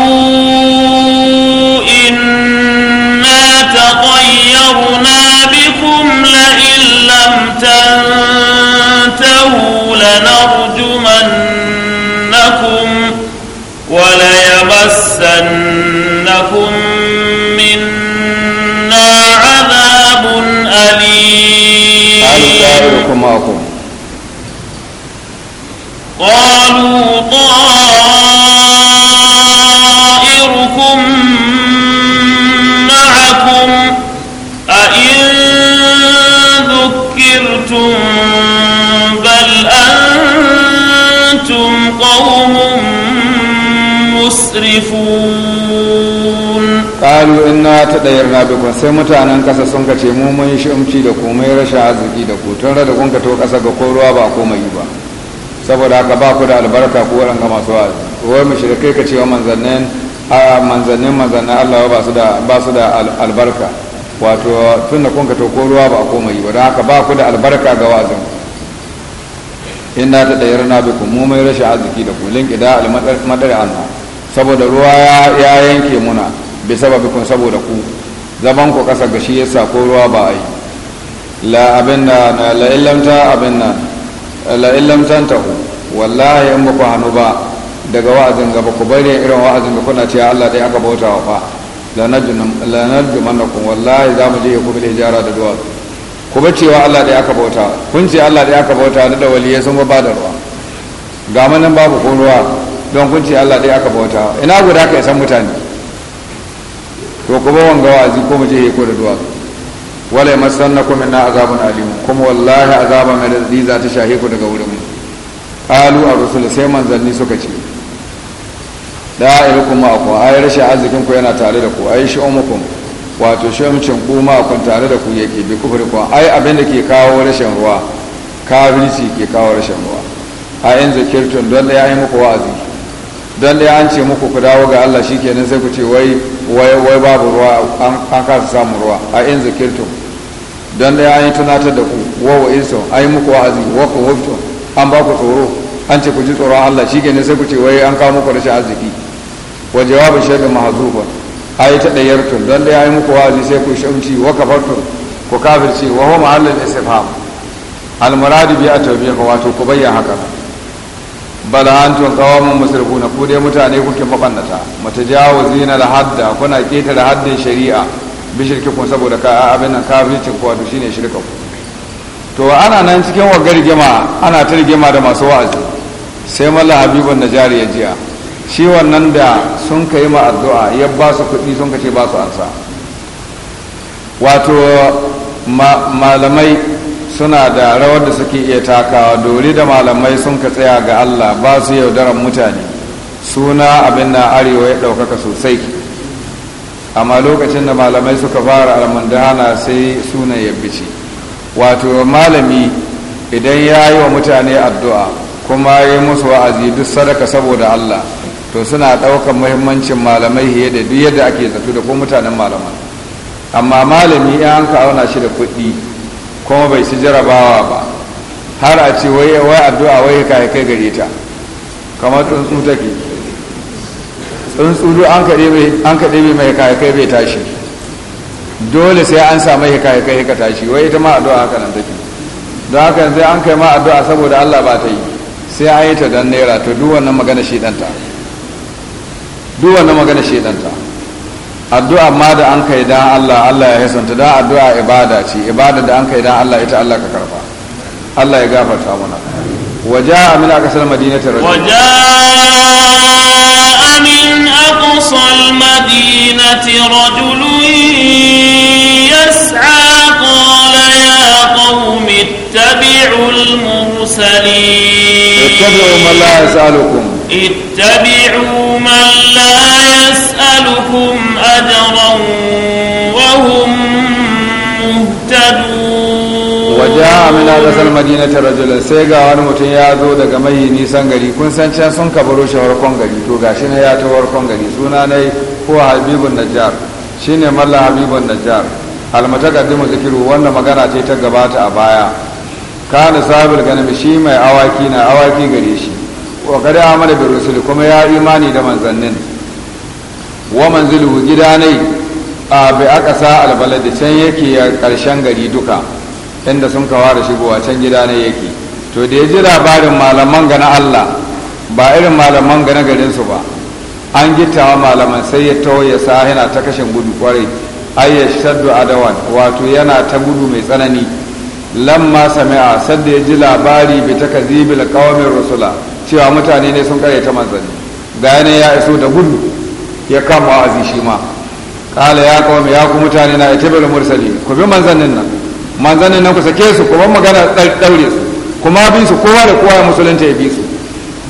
inna taqayyarna bikum la illam tantahu lanarjumannakum يمسنكم منا عذاب أليم قالوا طائر ta ɗaya na bikon sai mutanen ƙasa sun ka ce mu mun shi'umci da komai rashin arziki da ku tun rada kun ka to ƙasa ga koruwa ba komai ba saboda haka ba ku da albarka ku ga masu wa'azi wai kai ka cewa manzannin manzannin manzannin Allah ba su da ba su da albarka wato tun da kun ka to koruwa ba komai ba don haka ba ku da albarka ga wa'azin in na ta ɗaya na bikon mu mai rashin arziki da ku da almadar anna saboda ruwa ya yanke muna bi sababikun saboda ku zaman ku kasa gashi ya yasa ko ruwa ba a yi la abin na la illamta abin na la illamtan wallahi in baku hannu ba daga wa'azin gaba ku bari irin wa'azin da kuna cewa Allah dai aka bauta wa fa la ku wallahi za mu je ku bi jara da duwatsu ku ba cewa Allah dai aka bauta kun ce Allah dai aka bauta na da waliyai sun ba da ruwa ga manan babu ko ruwa don kun ce Allah dai aka bauta ina guda ka san mutane to kuma wanga wa'azi ko mu je ko da duwatsu wala kuma na azabun alim kuma wallahi azaba mai radadi za ta shahe ku daga wurin mu qalu a rusul sai manzanni suka ce ma ku ayi rashin arzikin ku yana tare da ku ai umukum wato umcin ku ku tare da ku yake bi ku. ai abin da ke kawo rashin ruwa kafirci ke kawo rashin ruwa a yin kirtun don da ya yi muku wa'azi don da ya an ce muku ku dawo ga Allah shikenan sai ku ce wai wai babu ruwa an kasa samu ruwa a in zikirtum don da yi tunatar da ku wawa wa iso an yi muku wa'azi wa ku huftum an ba ku tsoro an ce ku ji tsoron Allah shi ne sai ku ce wai an kawo muku rashin arziki wa jawabin shaidu mahazufa a yi ta ɗayartum don da yi muku wa'azi sai ku shamci wa kafartum ku kafirce wa huwa ma'allar isa al muradu bi at-tawbiya wato ku bayyana haka bala antum qawamun musrifuna ku dai mutane kuke mabannata zina da hadda kuna ketare haddin shari'a bi shirkikum saboda ka abin nan kafircin ku wato shine shirka ku to ana nan cikin wagar ana ta rigima da masu wa'azi sai malla habibun jari ya jiya shi wannan da sun kai ma addu'a ya ba su kuɗi sun ce ba su ansa wato malamai suna da rawar da suke iya takawa dori da malamai sun ka tsaya ga Allah ba su yaudaran mutane suna abin na arewa ya ɗaukaka sosai amma lokacin da malamai suka fara almandana sai suna yabbici wato malami idan ya yi wa mutane addu'a kuma ya yi musu wa'azi duk sadaka saboda Allah to suna ɗaukar muhimmancin malamai fiye da duk yadda ake zato da ko mutanen malaman amma malami ya an ka auna shi da kuɗi kuma bai ci jarabawa ba har a ce wai addu'a wai ka kai gare ta kamar tsuntsu take tsuntsu duk an kaɗe bai mai kai bai tashi dole sai an samu kai kai ka tashi wai ita ma addu'a haka nan take don haka yanzu an kai ma addu'a saboda Allah ba ta yi sai an yi ta dan naira to duk wannan magana danta duk wannan magana shedanta addu'a ma da an kai dan Allah Allah ya hasanta dan addu'a ibada ce ibada da an kai dan Allah ita Allah ka karba Allah ya gafarta mana waja'a min aqsal madinati rajul waja'a min aqsal madinati rajul yas'a qala ya qaumi ittabi'ul mursalin ittabi'u man la yas'alukum ittabi'u man la أجرا amina مهتدون madina من هذا المدينة رجل wani mutum ya zo daga mai nisan gari kun san can sun kabaro shi warkon gari to gashi ne ya ta warkon gari suna ne ko habibun najjar shine mallan habibun najjar almutakaddimu zikiru wannan magana ce ta gabata a baya kana sabil ganami shi mai awaki na awaki gare shi wa kada amala bi rusul kuma ya imani da manzannin wa manzilu gida a bi sa albalad can yake a karshen gari duka inda sun kawa da shigowa can gidanai yake to da ya ji labarin malaman ga na Allah ba irin malaman ga na garin su ba an gittawa malaman sai ya tawo ya sa yana ta kashin gudu kwarai ai ya shaddu adawan wato yana ta gudu mai tsanani lamma sami'a sadda ya ji labari bi takazibil qawmin rusula cewa mutane ne sun kare ta manzanni ga ya iso da gudu ya kama wa'azi shi ma kala ya kawai ya ku mutane na ita bil mursali ku bi manzannin nan manzannin nan ku sake su ku ban magana ɗaure su kuma bi su kowa da kowa ya musulunta ya bi su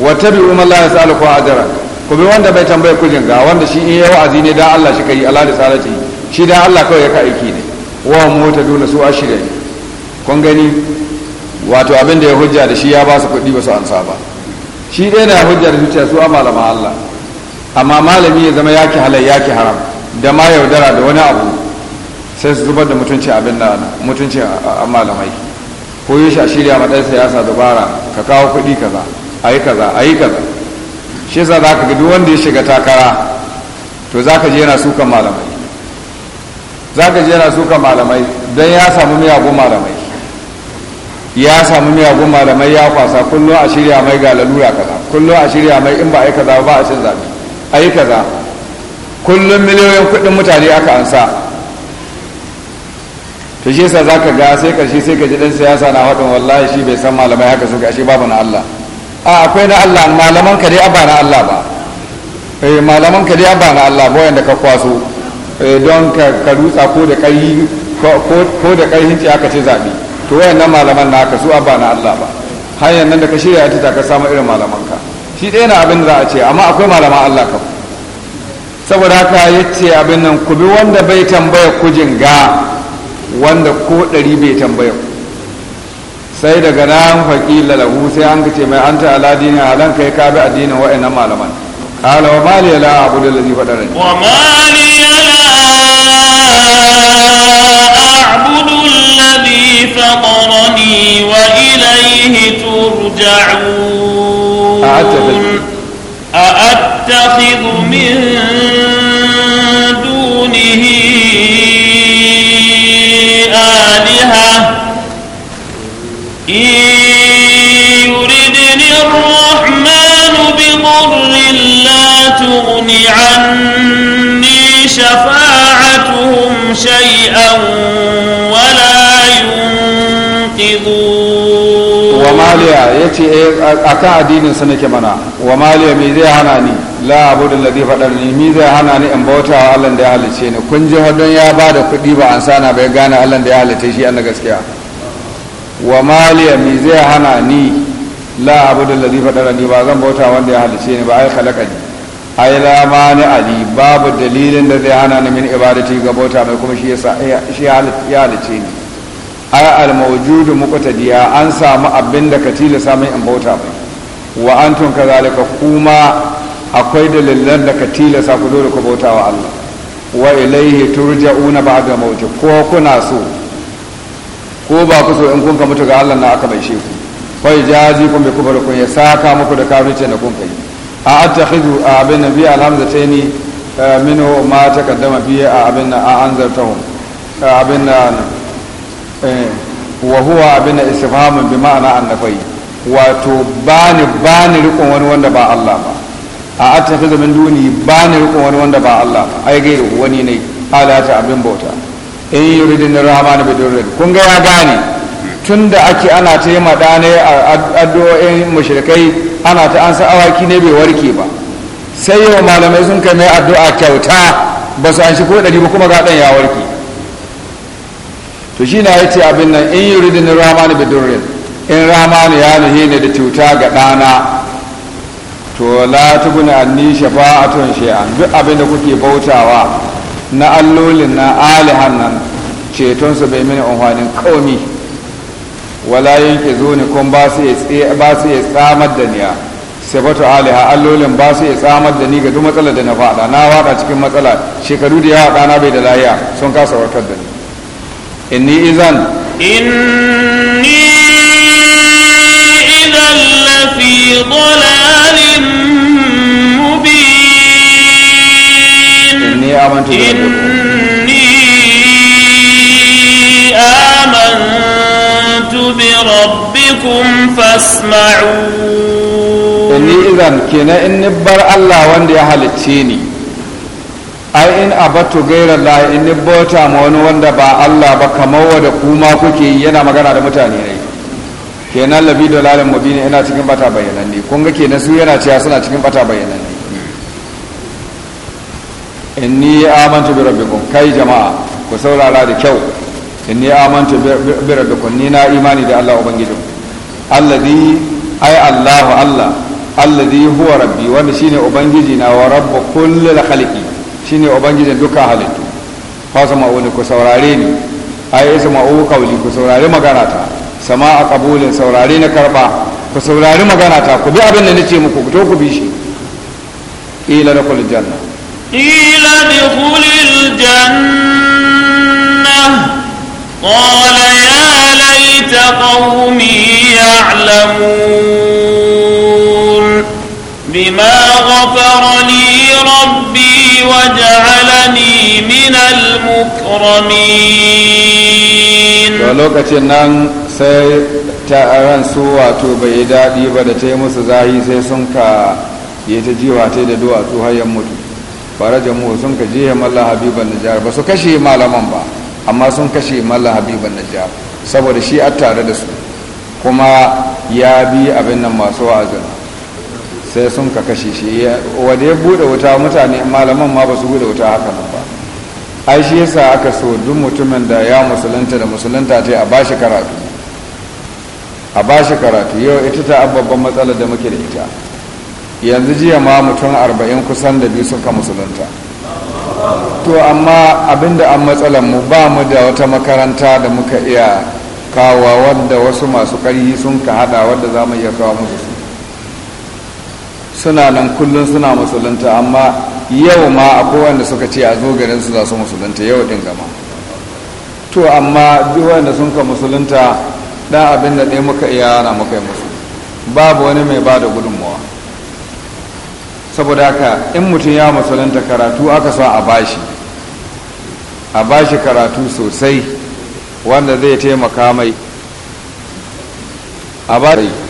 wa tabi'u man la a ajra ku bi wanda bai tambaye ku jinga wanda shi in ya wa'azi ne dan Allah shi ka yi ala da salati shi dan Allah kawai ya ka aiki ne wa mota duna su a ne kun gani wato abin da ya hujja da shi ya ba su kuɗi ba su ansa ba shi ɗaya na hujjar zuciya su a malama Allah amma malami ya zama yaki halal yaki haram da ma yaudara da wani abu sai su zubar da mutunci abin da mutunci a malamai ko yi shi a shirya maɗan siyasa dubara ka kawo kuɗi kaza a yi kaza a yi kaza shi yasa za ka ga wanda ya shiga takara to za ka je yana sukan malamai za ka je yana sukan malamai don ya samu miyagun malamai ya samu miyagun malamai ya kwasa kullum a shirya mai ga lalura kaza kullum a shirya mai in ba a yi kaza ba a cin zaɓe a yi kaza kullum miliyoyin kudin mutane aka ansa ta shi za ka ga sai karshe sai ka ji ɗin siyasa na haɗin wallahi shi bai san malamai haka suka ashe babu na Allah a akwai na Allah malaman ka dai abba na Allah ba eh malaman ka dai abba na Allah ba wanda ka kwaso eh, don ka rutsa ko da kai ko da kai hinci aka ce zabi to wayannan malaman naka su abba na Allah ba hanyar nan da ka shirya ta ka samu irin malaman ka shi ɗaya na abin da za a ce amma akwai malama Allah kam saboda haka ya ce abin nan ku bi wanda bai tambaya ku jinga wanda ko ɗari bai tambaya ku sai daga nan faƙila lahu sai an ce mai an ta aladini halan kai ka bi addinin nan malaman qala wa mali da a'budu faɗa rai wa mali la a'budu allazi fadarani wa ilayhi turja'un أأتخذ من دونه آلهة إن يردني الرحمن بضر لا تغن عني شفاعتهم شيئا ya ce eh, a kan addinin sa nake mana wa maliya me zai hana ni la da ladi faɗar ni me zai hana ni in bauta wa Allah da ya halice ni kun ji don ya ba da kuɗi ba an sana bai gane Allah da ya halice shi na gaskiya wa maliya me zai hana ni la da ladi faɗar ni ba zan bauta wanda ya halice ni ba ai ni ai la mani ali babu dalilin da zai hana ni min ibadati ga bauta mai kuma shi ya halice ni ai mawjudu muqtadiya an samu abin da ka tilasa mai in bauta mai wa antum kazalika kuma akwai dalilan da ka tilasa ku dole ku bauta wa Allah wa ilaihi turja'una ba'da mauti ko kuna so ko ba ku so in kun ka mutu ga Allah na aka baishe ku fa jazi kun bi kufrukum ya saka muku da kafirci na kun kai a attakhidhu abin nabi alhamzataini eh, minhu ma taqaddama bi abin a anzartahum abin nan Eh, wa huwa abin istifhamun bi ma'ana annabai. wato bani bani rikon wani wanda ba Allah ba a atafi zaman duni bani rikon wani wanda ba Allah ba ai gairi wani ne alata abin bauta in yuridin rahman bi durrin kun ga ya gane tun da ake ana ta yi madane a addu'o'in mushrikai ana ta an sa awaki ne bai warke ba sai yau malamai sun kai mai addu'a kyauta ba su an shi ko ɗari ba kuma ga ɗan ya warke to shi na yace abin nan in yi yuridin ramani bidurrin in ramani ya nuhi ne da cuta ga ɗana to la tuguna anni shafa'atun shay'an duk abin da kuke bautawa na allolin na alihan nan ceton su bai mini amfanin kaumi wala yanke zo ne kun ba su ya tsamar da niya sabatu aliha allolin ba su ya tsamar da ni ga duk matsalar da na faɗa na waka cikin matsala shekaru da yawa ɗana bai da lahiya sun kasa warkar da ni إني إذا إني إذا لفي ضلال مبين إني آمنت إني آمنت بربكم فاسمعون إني إذا كنا إني بر الله واندي أهل التيني ai in abatu gaira la in bota ma wani wanda ba Allah ba kamar wanda kuma kuke yana magana da mutane ne kenan labi da lalin ne yana cikin bata bayanan kun ga kenan su yana cewa suna cikin bata bayanan bayananne inni amantu bi rabbikum kai jama'a ku saurara da kyau in inni amantu bi rabbikum ni na imani da Allah ubangijin allazi ai Allahu Allah alladhi huwa rabbi wanda shine ubangiji na wa rabbu kullil khaliqi shine ubangijin duka halittu fasa ma'uni ku saurare ni ai isa ma'u kauli ku saurari magana ta sama a kabulin saurare na karba ku saurari magana ta ku bi abin da nace muku ku to ku bi shi ila da kullu janna ila da kullu janna qala ya laita qaumi ya'lamun bima ghafara li rabbi وجعلني من المكرمين ولوكتين نان سي تأران سوى توبي دادي بدتي مسزاهي سي سنكا يتجيوها تيدا دوا توها يموت farajamu sun ka jiya mallah habiban najjar ba su kashe malaman ba amma sun kashe mallah habiban najjar saboda shi a tare da su kuma ya bi abin nan masu wa'azin sai sun ka kashe shi wanda ya buɗe wuta mutane malaman ma ba su bude wuta haka nan ba ai shi yasa aka so duk mutumin da ya musulunta da musulunta ta a shi karatu a shi karatu yau ita ta babban matsalar da muke da ita yanzu jiya ma mutum arba'in kusan da biyu suka musulunta to amma abinda an matsalar mu ba mu da wata makaranta da muka iya kawo wadda wasu masu ƙarfi sun ka hada wadda za mu iya kawo musu suna nan kullum suna musulunta amma yau ma a wanda suka ce a zo garin su za su musulunta yau din gama to amma duk wanda sun ka musulunta dan abin da ɗaya muka iya na muka yi musu babu wani mai ba da gudunmawa saboda haka in mutum ya musulunta karatu aka sa a bashi a bashi karatu sosai wanda zai taimaka mai a bari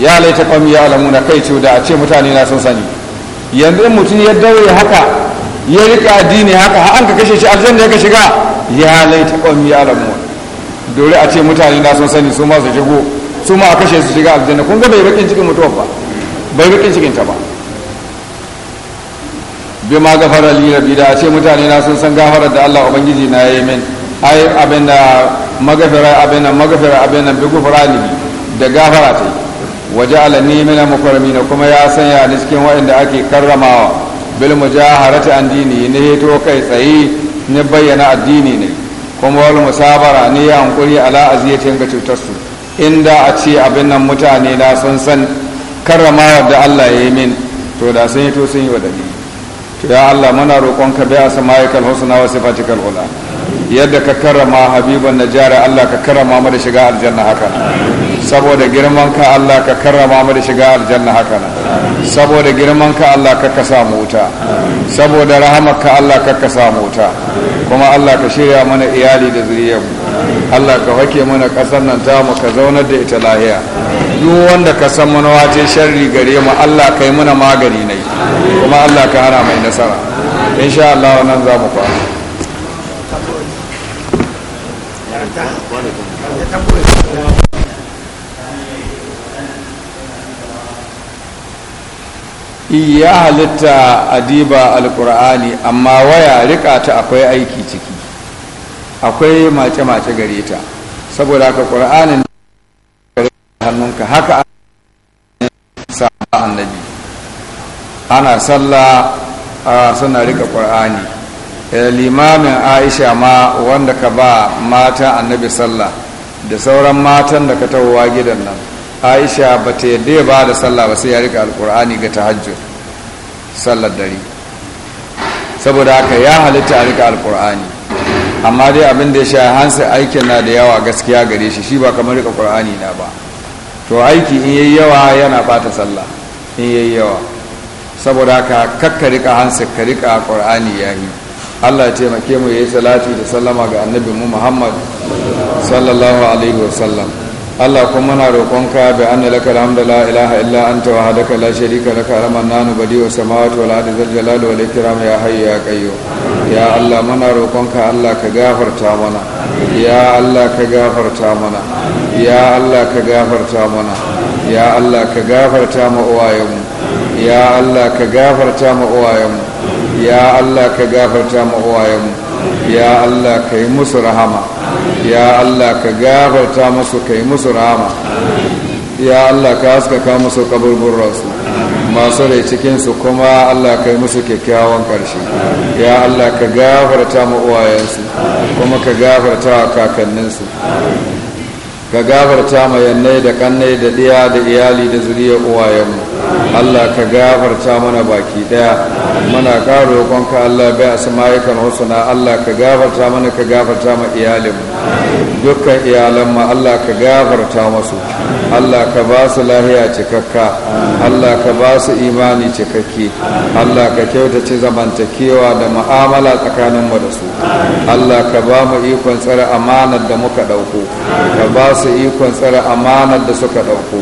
ya laita kwami ya alamuna kai ce da a ce mutane na sun sani yanzu in mutum ya daure haka ya rika addini haka har an ka kashe shi da ya ka shiga ya laita kwami ya alamuna dole a ce mutane na sun sani su ma su shigo su ma a kashe su shiga aljanna kun ga bai bakin cikin mutuwa ba bai bakin cikin ta ba bi ma gafara li rabbi da a ce mutane na sun san gafarar da Allah ubangiji na yi min ai abinda magafara abinda nan magafara abinda nan bi ni da gafara ta yi waje alani mina mukarrami na kuma ya sanya ni cikin waɗanda ake karramawa bil mujaharati an dini ne to kai tsaye ne bayyana addini ne kuma wal musabara ne ya hankuri ala aziyatin ga cutar su inda a ce abin nan mutane na sun san karramawa da Allah ya yi min to da sun yi to sun yi wa dalili to ya Allah muna ka bi asma'ikal husna wa sifatikal ula yadda ka karrama habiban najara Allah ka karrama mu da shiga aljanna haka saboda girman ka Allah ka karrama mu da shiga aljanna haka nan saboda girman ka Allah ka kasa mu wuta saboda rahamar ka Allah ka kasa mu wuta kuma Allah ka shirya mana iyali da zuriyar Allah ka wake mana kasar nan ta mu ka zaunar da ita lahiya duk wanda ka san mana wace sharri gare mu Allah kai mana magani ne kuma Allah ka hana mai nasara insha Allah nan za mu fara ya halitta a diba alkur'ani amma waya rika ta akwai aiki ciki akwai mace-mace gare ta saboda ka ƙur'anin hannunka haka sa'a annabi ana sallah suna rika ƙur'ani eh, limamin aisha ma wanda ka ba mata annabi sallah da sauran matan da ka tawowa gidan nan aisha ba ta yadda ya ba da sallah ba sai ya rika alkur'ani ga tahajjud sallar dare saboda haka ya halitta a rika alkur'ani amma dai abin da ya sha hansa aikin na da yawa gaskiya gare shi shi ba kamar rika qur'ani na ba to aiki in yayi yawa yana bata sallah in yayi yawa saboda haka kakka rika hansa ka rika qur'ani yayi Allah ya taimake mu yayi salatu da sallama ga annabi mu Muhammad sallallahu alaihi wasallam Allah Kun mana roƙonka bi anna laka alhamdu la ilaha illa anta wahdaka la sharika laka al-mannanu badi'u samawati wal ardi zal jalali wal ikram ya hayyu ya qayyum ya Allah muna roƙonka Allah ka gafarta mana ya Allah ka gafarta mana ya Allah ka gafarta mana ya Allah ka gafarta ma uwayenmu ya Allah ka gafarta ma uwayenmu ya Allah ka gafarta ma uwayenmu ya Allah ka yi musu rahama ya Allah ka gafarta musu ka yi musu rahama ya Allah ka haskaka musu rasu masu rai cikinsu kuma Allah ka yi musu kyakkyawan ƙarshe ya Allah ka gafarta ma uwayensu kuma ka gafarta wa kakanninsu ka gafarta ma da kannai da ɗiya da iyali da zuriyar uwayenmu Allah ka gafarta mana baki daya muna karo roƙonka Allah bai kan husna Allah ka gafarta mana ka gafarta ma iyalinmu dukkan iyalan ma Allah ka gafarta masu Allah ka ba su lahiya cikakka Allah ka ba su imani cikakke Allah ka kyautace zamantakewa da mu'amala tsakanin mu da su Allah ka ba mu ikon tsare amanar da muka dauko ka ba su ikon tsare amanar da suka dauko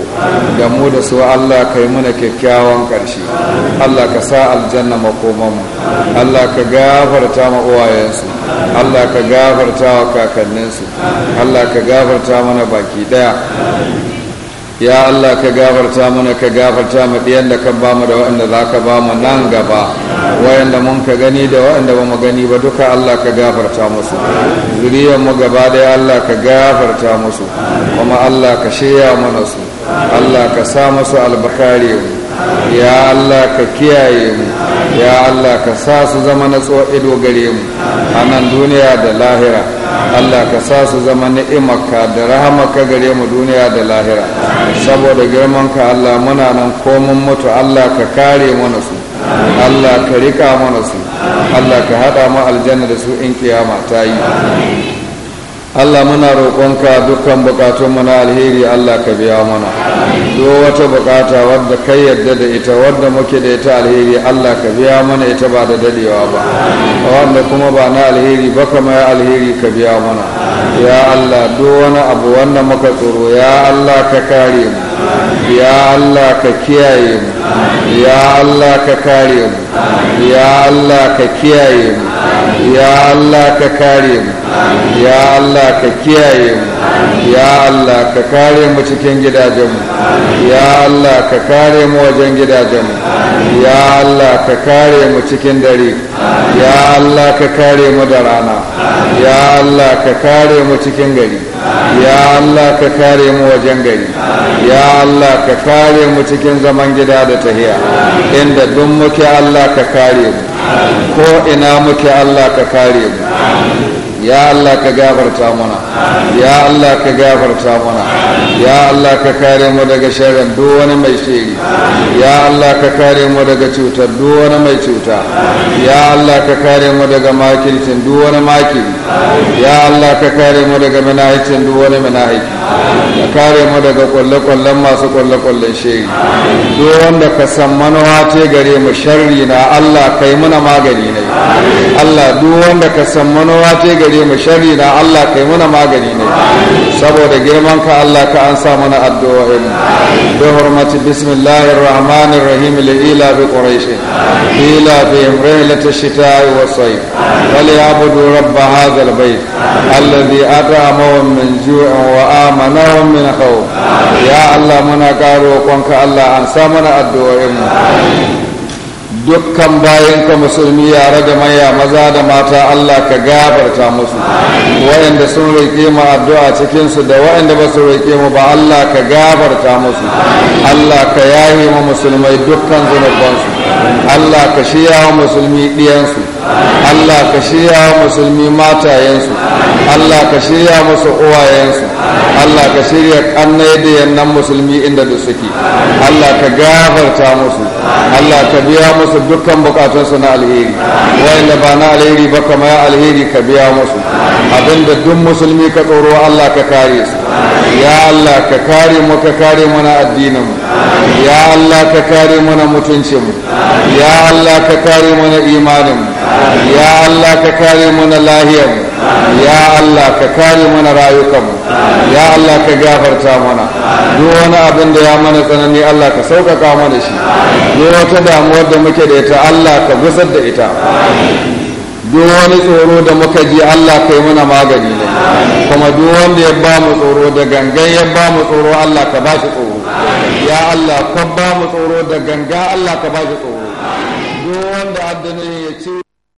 da mu da su Allah kai muna kyakkyawan karshe Allah ka sa aljanna makomanmu. Allah ka gafarta ma uwayensu Allah ka gafarta wa kakanninsu Allah ka gafarta mana baki daya ya Allah ka gafarta mana ka gafarta mu diyan da ka bamu da waɗanda za ka bamu nan gaba Wayanda mun ka gani da waɗanda ba mu gani ba duka Allah ka gafarta musu zuriyar mu gaba daya Allah ka gafarta musu kuma Allah ka shirya mana su Allah ka sa musu albakari ya Allah ka kiyaye mu ya Allah ka sa su zama na ido gare mu a nan duniya da lahira Allah ka sa su zama ni'imaka da rahamaka gare mu duniya da lahira saboda girmanka Allah muna nan mun mutu Allah ka kare mana su Allah ka rika mana su Allah ka haɗa mu aljanna da su in kiyama ta yi Allah muna roƙonka dukkan buƙatunmu na alheri Allah ka biya mana duk wata buƙata wadda kai yadda da ita wadda muke da ita alheri Allah ka biya mana ita ba da dadewa ba wanda kuma ba na alheri ba kama ya alheri ka biya mana ya Allah duk wani abu wanda muka tsoro ya Allah ka kare mu ya Allah ka kiyaye mu ya Allah ka kare mu ya Allah ka kiyaye mu ya Allah ka kare mu ya Allah ka kiyaye mu ya Allah ka kare mu cikin gidajenmu ya Allah ka kare mu wajen gidajenmu ya Allah ka kare mu cikin dare ya Allah ka kare mu da rana ya Allah ka kare mu cikin gari ya Allah ka kare mu wajen gari ya Allah ka kare mu cikin zaman gida da tahiya inda duk muke Allah ka kare mu ko ina muke Allah ka kare mu ya Allah ka gafarta mana ya Allah ka gafarta mana ya Allah ka kare mu daga sharrin duk wani mai shiri ya Allah ka kare mu daga cutar duk wani mai cuta ya Allah ka kare mu daga makircin duk wani makiri ya Allah ka kare mu daga manahicin duk wani minahiki ya kare mu daga kwalle-kwallen masu kwalle-kwallen shiri duk wanda ka san manowa ce gare mu sharri na Allah kai muna magani ne Allah duk wanda ka san manowa ce gare mu sharri na Allah kai muna magani ne saboda girman ka Allah ka an sa mana addu'o'in bi hurmati bismillahir rahmanir rahim li ila bi quraish ila bi rihlat ash-shita'i was-sayf fal ya'budu rabb hadha al-bayt alladhi at'amahum min ju'in wa منوع ya خوف يا الله منا allah an الله أنسى addu'o'in mu. dukkan bayan ka musulmi yare da maya maza da mata Allah ka gabarta musu waɗanda sun roƙe mu addu'a cikinsu da wayanda ba su roƙe mu ba Allah ka gabarta musu Allah ka yaye mu musulmai dukkan zunubansu Allah ka shiya wa musulmi ɗiyansu Allah ka shirya musulmi matayensu Allah ka shirya musu uwayensu Allah ka shirya kannai da yannan musulmi inda da suke Allah ka gafarta musu Allah ka biya musu dukkan bukatunsu na alheri wanda ba na alheri ba kama ya alheri ka biya musu abinda duk musulmi ka tsoro Allah ka kare su ya Allah ka kare mu ka kare mana addinin mu ya Allah ka kare mana mutuncin mu ya Allah ka kare mana imanin mu ya Allah ka kare mana lahiyar ya Allah ka kare mana rayukanmu ya Allah ka gafarta mana duk wani abin da ya mana tsanani Allah ka sauƙaƙa mana shi duk wata damuwar da muke da ita Allah ka gusar da ita duk wani tsoro da muka ji Allah ka yi mana magani ne kuma duk wanda ya ba mu tsoro da gangan ya ba mu tsoro Allah ka ba shi tsoro ya Allah ka ba mu tsoro da ganga Allah ka ba shi tsoro duk wanda addinin ya ce